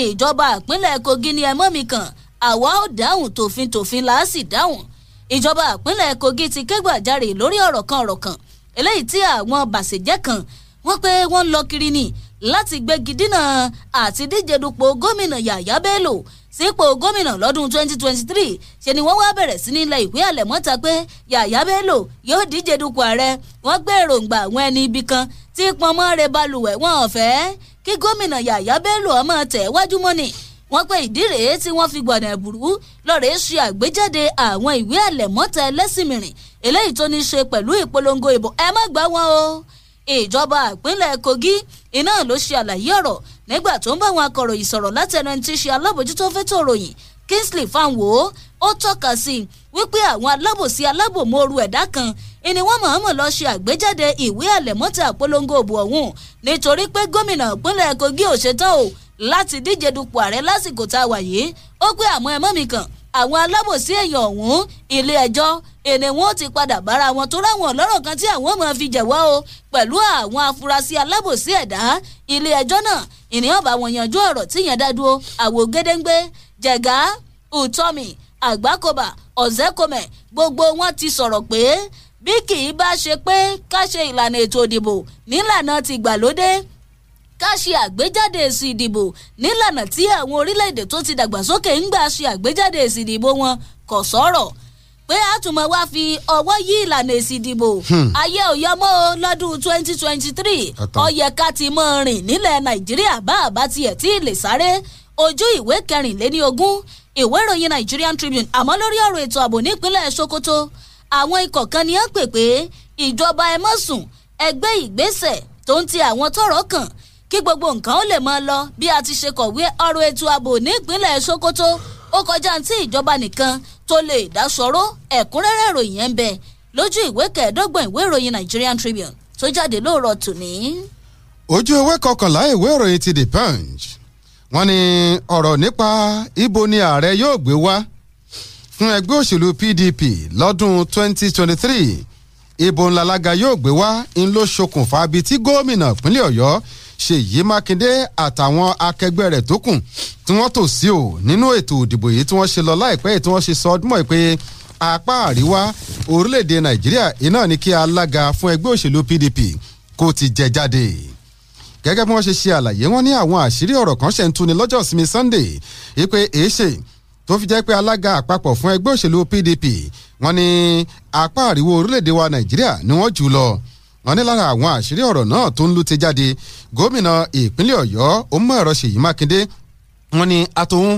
ìjọba ìpínlẹ̀ Kogi ni ẹ mọ́ mi kàn àwa ò dáhùn tòfin tòfin là á sì dáhùn ìjọba ìpínlẹ̀ Kogi ti kégbàjarè lórí ọ̀rọ̀ kan ọ̀rọ̀ kan eléyìí tí àwọn bàṣẹ̀jẹ́ kan wọ́n pé wọ́n ń lọ kiri ni láti gbégi dínà àti díje dupò gómìnà Yàyà Bello sípò gómìnà lọ́dún 2023 ṣe ni wọ́n wá bẹ̀rẹ̀ sí ní ilẹ̀ ìwé àlẹ̀mọ́ta pé Yàyà Bello yóò díje dupò ààrẹ wọ́n gbé èròǹgbà àwọn ẹni ibi kan tí pọnmọ́ rẹ̀ balùwẹ̀ wọn ọ̀fẹ́ kí gómìnà Yàyà Bello ọmọ tẹ̀ wájú mọ́ni wọ́n pé ìdí rèé tí wọ́n fi gbọ̀nà ẹ̀bùrú lọ́ọ̀rẹ́ ṣe àgbéjáde àwọn ìwé àlẹ̀mọ́tẹ lẹ́sìmìrìn eléyìí tó ní ṣe pẹ̀lú ìpolongo ìbò ẹ má gbà wọ́n o ìjọba ìpínlẹ̀ Kogi iná ló ṣe àlàyé ọ̀rọ̀ nígbà tó ń bá àwọn akọ̀ròyìn sọ̀rọ̀ látẹnu ẹni tí í ṣe alábòjútó fẹ́tọ̀ ròyìn Kingsley Fanwo ó tọ́ka sí wípé àwọn alábòsí alábòmóoru ẹ̀dá kan ìní wọn mọ̀ọ́mọ̀ lọ ṣe àgbéjáde ìwé àlẹ̀mọ́tà polongo òbò ọ̀hún nítorí pé gómìnà ìpínlẹ̀ Kogi ò ṣetán o láti díje dupò ààrẹ lásìkò tá a wà yìí ó pé àmọ́ ẹ̀mọ́ mi kàn àwọn alábòsí èèyàn ọ̀hún ilé ẹjọ́ èdè wọn ti padà bára wọn tó ráwọn ọlọ́rọ̀ kan tí àwọn máa fi jẹ̀wọ́ o pẹ̀lú àwọn afurasí alábòsí ẹ̀dá ilé ẹjọ́ náà ìníyàn bá wọn yanjú ọ̀rọ̀ tíyẹn dá dúró àwò gédéǹgbé jẹ̀gá ùtọ́mì àgbákòbà ọ̀zẹ́kòmẹ̀ gbogbo wọn ti sọ̀rọ̀ pé bí kì í bá ṣe pé ká ṣe ìlànà ètò ìdìbò nílànà tìgbàlódé ká ṣe àgbéjáde èsì ìdìbò nílànà tí àwọn orílẹ̀-èdè tó ti dàgbàsókè ń gbà ṣe àgbéjáde èsì ìdìbò wọn kò sọ̀rọ̀ pé àtúmọ̀ wá fi ọwọ́ yí ìlànà èsì ìdìbò hmm. ayé òyọmọ́ lọ́dún 2023 ọyẹ ká ti mọ́ rìn nílẹ̀ nàìjíríà bá àbá tiẹ̀ tí ì lè sáré ojú ìwé kẹrìnléní ìwé ìròyìn Nigerian Tribune àmọ́ lórí ọ̀rọ̀ ètò ààbò nípínlẹ̀ Sokoto àwọn ikọ̀ kan ni wọ́n pè pé ìjọba ẹ mọ́ sùn ẹgbẹ́ ìgbésẹ̀ tó ń ti àwọn tọ́rọ̀ kàn kí gbogbo nǹkan ó lè máa lọ bí a ti ṣe kọ̀wé ọ̀rọ̀ ètò ààbò nípínlẹ̀ Sokoto ó kọjá tí ìjọba nìkan tó lè dáṣọró ẹ̀kúnrẹ́rẹ́ ìròyìn ẹ̀ ń bẹ lójú ìwé kẹẹ̀ẹ́dọ́gbọ̀n ìwé ìròyìn Nigerian Tribune tó jáde lóòrọ̀ tòní. ojú ewé kọkànlá ìwé ìròyìn ti The Punch wọ́n ní ọ̀rọ̀ nípa ibo ni ààrẹ yóò gbé wá fún ẹgbẹ́ òṣèlú PDP lọ́dún 2023 ìbò ńlá alága yóò gbé wá ń ló ṣokùnfà bíi tí gómìnà ìpínlẹ̀ Ọ̀yọ́ Ṣèyí Mákindé àtàwọn akẹgbẹ́ rẹ̀ tó kù tí wọ́n tò sí o nínú ètò òdìbò yìí tí wọ́n ṣe lọ láìpẹ́ yìí tí wọ́n ṣe sọ ọdún mọ́ ẹ pé apá àríwá orílẹ̀-èdè Nàìjíríà iná ni kí alága fún ẹgbẹ́ òṣèlú PDP kó ti jẹ jáde gẹ́gẹ́ bí wọ́n ṣe ṣe àlàyé wọn ní àwọn àṣírí ọ̀rọ̀ kan ṣe ń tuni lọ́jọ́ ìsinmi Sunday yìí pé èé tó fi jẹ́ pé alága àpapọ̀ fún ẹgbẹ́ òṣèlú PDP wọ́n ní apá àríwó orílẹ̀-èdè wa Nàìjíríà ni wọ́n jù lọ wọ́n ní lára àwọn àṣírí ọ̀rọ̀ náà tó ń lú ti jáde gómìnà ìpínlẹ̀ Ọ̀yọ́ òmùẹ̀rọ Ṣèyí Mákindé wọ́n ní atohun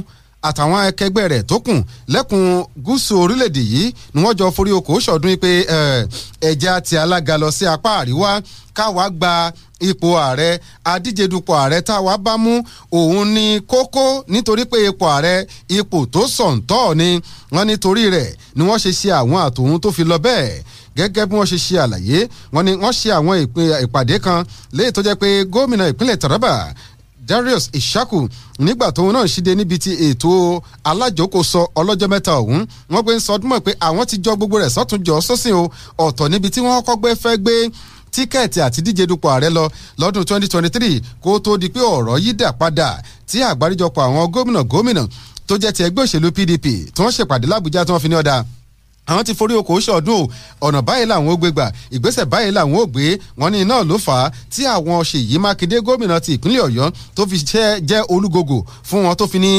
àtàwọn akẹgbẹ́ rẹ̀ tó kù lẹ́kùn gúúsù orílẹ̀-èdè yìí ni wọ́n jọ forí okòó ṣọdún pé ẹ̀já ti alága lọ sí apá àríwá káwa gba ipò ààrẹ adíjedupò ààrẹ táwa bá mú òun ní kókó nítorí pé ipò ààrẹ ipò tó sọ̀ǹtọ̀ ni wọ́n nítorí rẹ̀ ni wọ́n ṣe ṣe àwọn àtòun tó fi lọ bẹ́ẹ̀ gẹ́gẹ́ bí wọ́n ṣe ṣe àlàyé wọ́n ní wọ́n ṣe àwọn ìpàdé kan léyìí tó jẹ́ pé gómìnà ìpínlẹ̀ Taraba Darius Ishaku nígbà tóun náà ṣíde níbi ti ètò alájòkóso ọlọ́jọ́ mẹ́ta ọ̀hún wọ́n gbé ń sọ ọdún mọ̀ pé àwọn ti jọ gbogbo rẹ̀ sọ́túnjọ́ sósìn o ọ̀tọ̀ níbi tí wọ́n kọ́ gbé fẹ́ gbé tíkẹ́ẹ̀tì àti díje dupò ààrẹ lọ lọ́dún 2023 kó tó di pé ọ̀rọ̀ yìí dà padà tí àgbáríjọpọ̀ àwọn gómìnà gómìnà tó jẹ́ ti ẹgbẹ́ òṣèlú PDP tí wọ́n ṣèpàdé lábújá tí wọ́n fi ní ọ̀dà àwọn ti forí oko ṣọdún ọ̀nà báyìí làwọn ò gbé gbà ìgbésẹ̀ báyìí làwọn ò gbé wọn ní iná ló fà á tí àwọn ṣèyí mákindé gómìnà ti ìpínlẹ̀ ọ̀yọ́ tó fi jẹ́ olúgogò fún wọn tó fi ní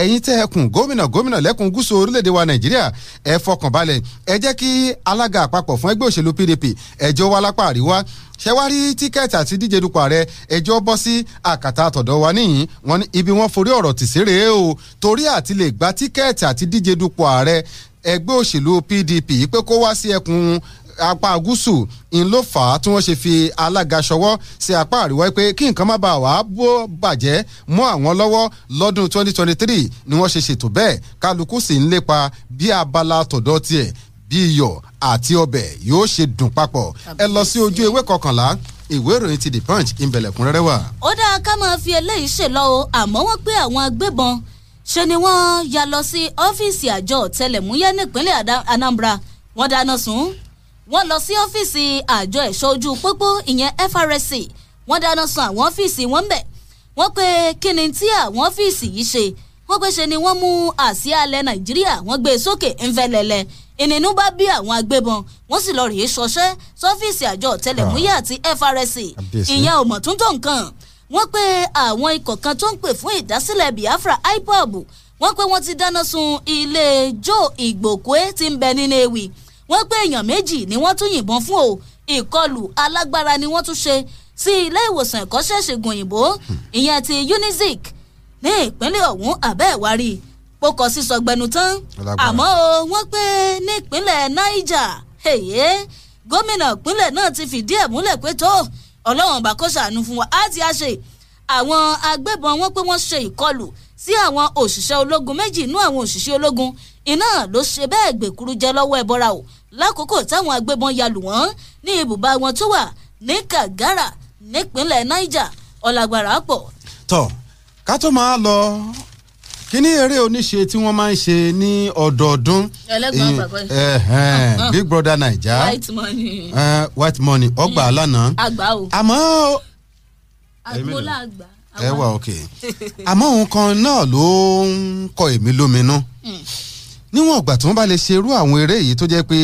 ẹ̀yin tẹ́ ẹkùn gómìnà gómìnà lẹ́kùn gúúsù orílẹ̀-èdè wa nàìjíríà ẹ fọkàn ẹ jẹ́ kí alága àpapọ̀ fún ẹgbẹ́ òṣèlú pdp ẹjọ́ wa lápá àríwá ṣẹwárí tíkẹ́ẹ̀tì àti díje dupò ààrẹ ẹjọ́ bọ́ sí àkàtà àtọ̀dọ̀ wa níyìn wọn ibi wọn forí ọ̀rọ̀ tì o torí àti lè gba tíkẹ́ẹ̀tì àti díje dupò ààrẹ ẹgbẹ́ òṣèlú PDP pé kó wá sí ẹkùn apá gúúsù ń ló fà á tí wọ́n ṣe fi alága ṣọwọ́ sí apá àríwá pé kí nǹkan má bàa wá bó bàjẹ́ mọ́ àwọn lọ́wọ́ lọ́dún 2023 ni wọ́n ṣe ṣètò bẹ́ẹ̀ kálukú sì ń lépa bí abala tọ̀dọ̀ tiẹ̀ bí iyọ̀ àti ọbẹ̀ yóò ṣe dùn papọ̀ ẹ lọ sí ojú ewé kọkànlá ìwé ìròyìn ti The Punch ń bẹ̀lẹ̀kúnrẹ́rẹ́ wà. ó dáa ká máa fi eléyìí ṣèlọ o àmọ́ wọ́n pé àwọn agbébọn ṣe ni wọ́n ya lọ sí ọ́fíìsì àjọ ọ̀tẹlẹ̀múyẹ́ nípínlẹ̀ Anambra wọ́n dáná sun wọ́n lọ sí ọ́fíìsì àjọ ẹ̀ṣọ́ ojú pópó ìyẹn FRSC wọ́n dáná sun àwọn ọ́fíìsì wọn bẹ̀ wọ́n pe kí ni tí àwọn ọ́fíìsì yìí ṣe wọ́n pèsè ni wọ́n mú àsíá ilẹ̀ Nàìjíríà wọ́n gbé e sókè ńfẹ̀lẹ̀lẹ̀ ìnínú bá bí àwọn agbébọn wọ́n sì lọ rèé ṣọṣẹ́ sọ́fíìsì àjọ ọ̀tẹlẹ̀múyẹ́ àti FRSC ìyẹn ò mọ̀ tún nǹkan wọ́n pé àwọn ikọ̀ kan tó ń pè fún ìdásílẹ̀ Biafra IPOB wọ́n pé wọ́n ti dáná sun ilé Joe Igbokwe tí ń bẹ ní Nnewi wọ́n pé èèyàn méjì ni wọ́n tún yìnbọn fún o ìkọlù alágbára ni wọ́n tún ṣe sí ilé ìwòsàn ìkọ́ṣẹ́ ṣègùn òyìnbó ìyẹn ti Unizik ní ìpínlẹ̀ ọ̀hún àbẹ́ẹ̀wárí pokọ sísọ gbẹnu tán àmọ́ o wọ́n pé nípínlẹ̀ Niger gómìnà ìpínlẹ̀ náà ti fìdí ẹ̀ múlẹ̀ pé tó ọlọ́run bá kó ṣàánú fún wa á ti á ṣe àwọn agbébọn wọn pé wọ́n ṣe ìkọlù sí àwọn òṣìṣẹ́ ológun méjì inú àwọn òṣìṣẹ́ ológun iná ló ṣe bẹ́ẹ̀ gbèkúrú jẹ lọ́wọ́ ẹ̀bọra o lákòókò táwọn agbébọn ya lù wọ́n ní ibùba wọn tó wà ní Kagara nípínlẹ̀ Niger ọ̀làgbàrà pọ̀. tọ́ ká tó máa lọ kíní eré oníṣe tí wọ́n máa ń ṣe ní ọdọọdún big brother naija white money white money ọgbà mm. lánàá àgbà o àmọ́ àgbọ̀lá àgbà ẹ wà òkè àmọ́ òun kan náà ló ń kọ èmi lóminú mm. níwọ̀n ìgbà tí wọ́n bá lè ṣerú àwọn eré yìí tó jẹ́ pé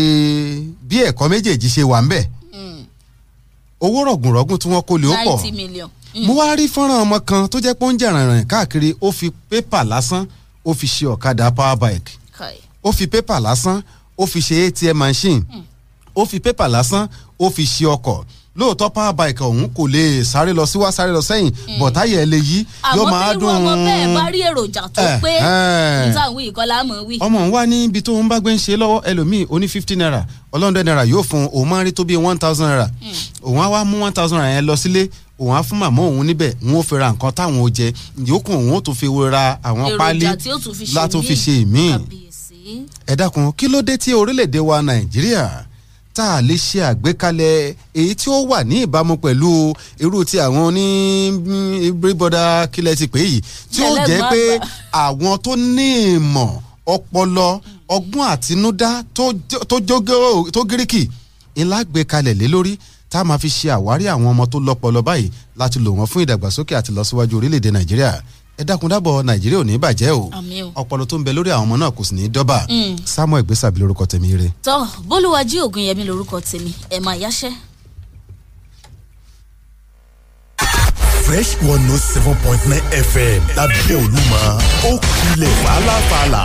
bí ẹ̀kọ́ méjèèjì ṣe wà ń bẹ̀ mm. owó rọ̀gùnrọ̀gùn tí wọ́n kó lè ó pọ̀ ninety million Mm. mo wá rí fọ́nrán ọmọ kan tó jẹ́ pé ó ń jẹ̀rànràn káàkiri ó fi pépà lásán ó fi ṣe ọ̀kadà power bike ó fi pépà lásán ó fi ṣe atm machine mm. ó fi pépà lásán ó fi ṣe ọkọ̀ lóòótọ́ power bike ọ̀hún kò lè sáré lọ síwá sáré lọ sẹ́yìn mm. bọ̀táyà ẹ̀ lè yí yóò máa dùn. àwọn tí wọn bẹ́ẹ̀ bá rí èròjà tó eh, pé níta wí ìkọlá mọ̀ wí. ọmọ ń wá ní ibi tó ń bá gbé ń ṣe lọ́wọ́ ẹlòmíì ó fifty naira ọlọ́dẹ naira yóò fún òun máa rí tó bíi one thousand naira òun á wá mú one thousand naira yẹn lọ sílé òun á fún màmá òun níbẹ̀ òun ó fi ra nǹkan táwọn ó jẹ yòókù òun ó tún fi ra àwọn pálí látún fi ṣe ìmíì ẹ dákun kí ló dé tí orílẹ̀-èdè wa nàìjíríà tá a lè ṣe àgbékalẹ̀ èyí tí ó wà ní ìbámu pẹ̀lú irú ti àwọn ní bíríbọ́dà kílẹ̀ ti pè yìí tí ó jẹ́ pé àwọn tó ní ìmọ̀ ọpọlọ ọgbọ́n àtinúdá tó gíríkì ńlá gbé kalẹ̀ lé lórí tá a máa fi ṣe àwárí àwọn ọmọ tó lọ́pọlọ báyìí láti lò wọ́n fún ìdàgbàsókè àti lọ́síwájú orílẹ̀-èdè nàìjíríà ẹ dákun dábọ̀ nàìjíríà ò ní bàjẹ́ o ọpọlọ tó ń bẹ lórí àwọn ọmọ náà kò sì ní dọ́bà mm. samuel gbèsàbí lórúkọ tèmi rẹ. tọ́ bólúwájí ògùnyẹmí lórúkọ tèmi ẹ̀ máa yáṣẹ́. fresh one note oh seven point nine fm lábẹ́ olúmọ ó kulẹ̀ fàlàfàlà.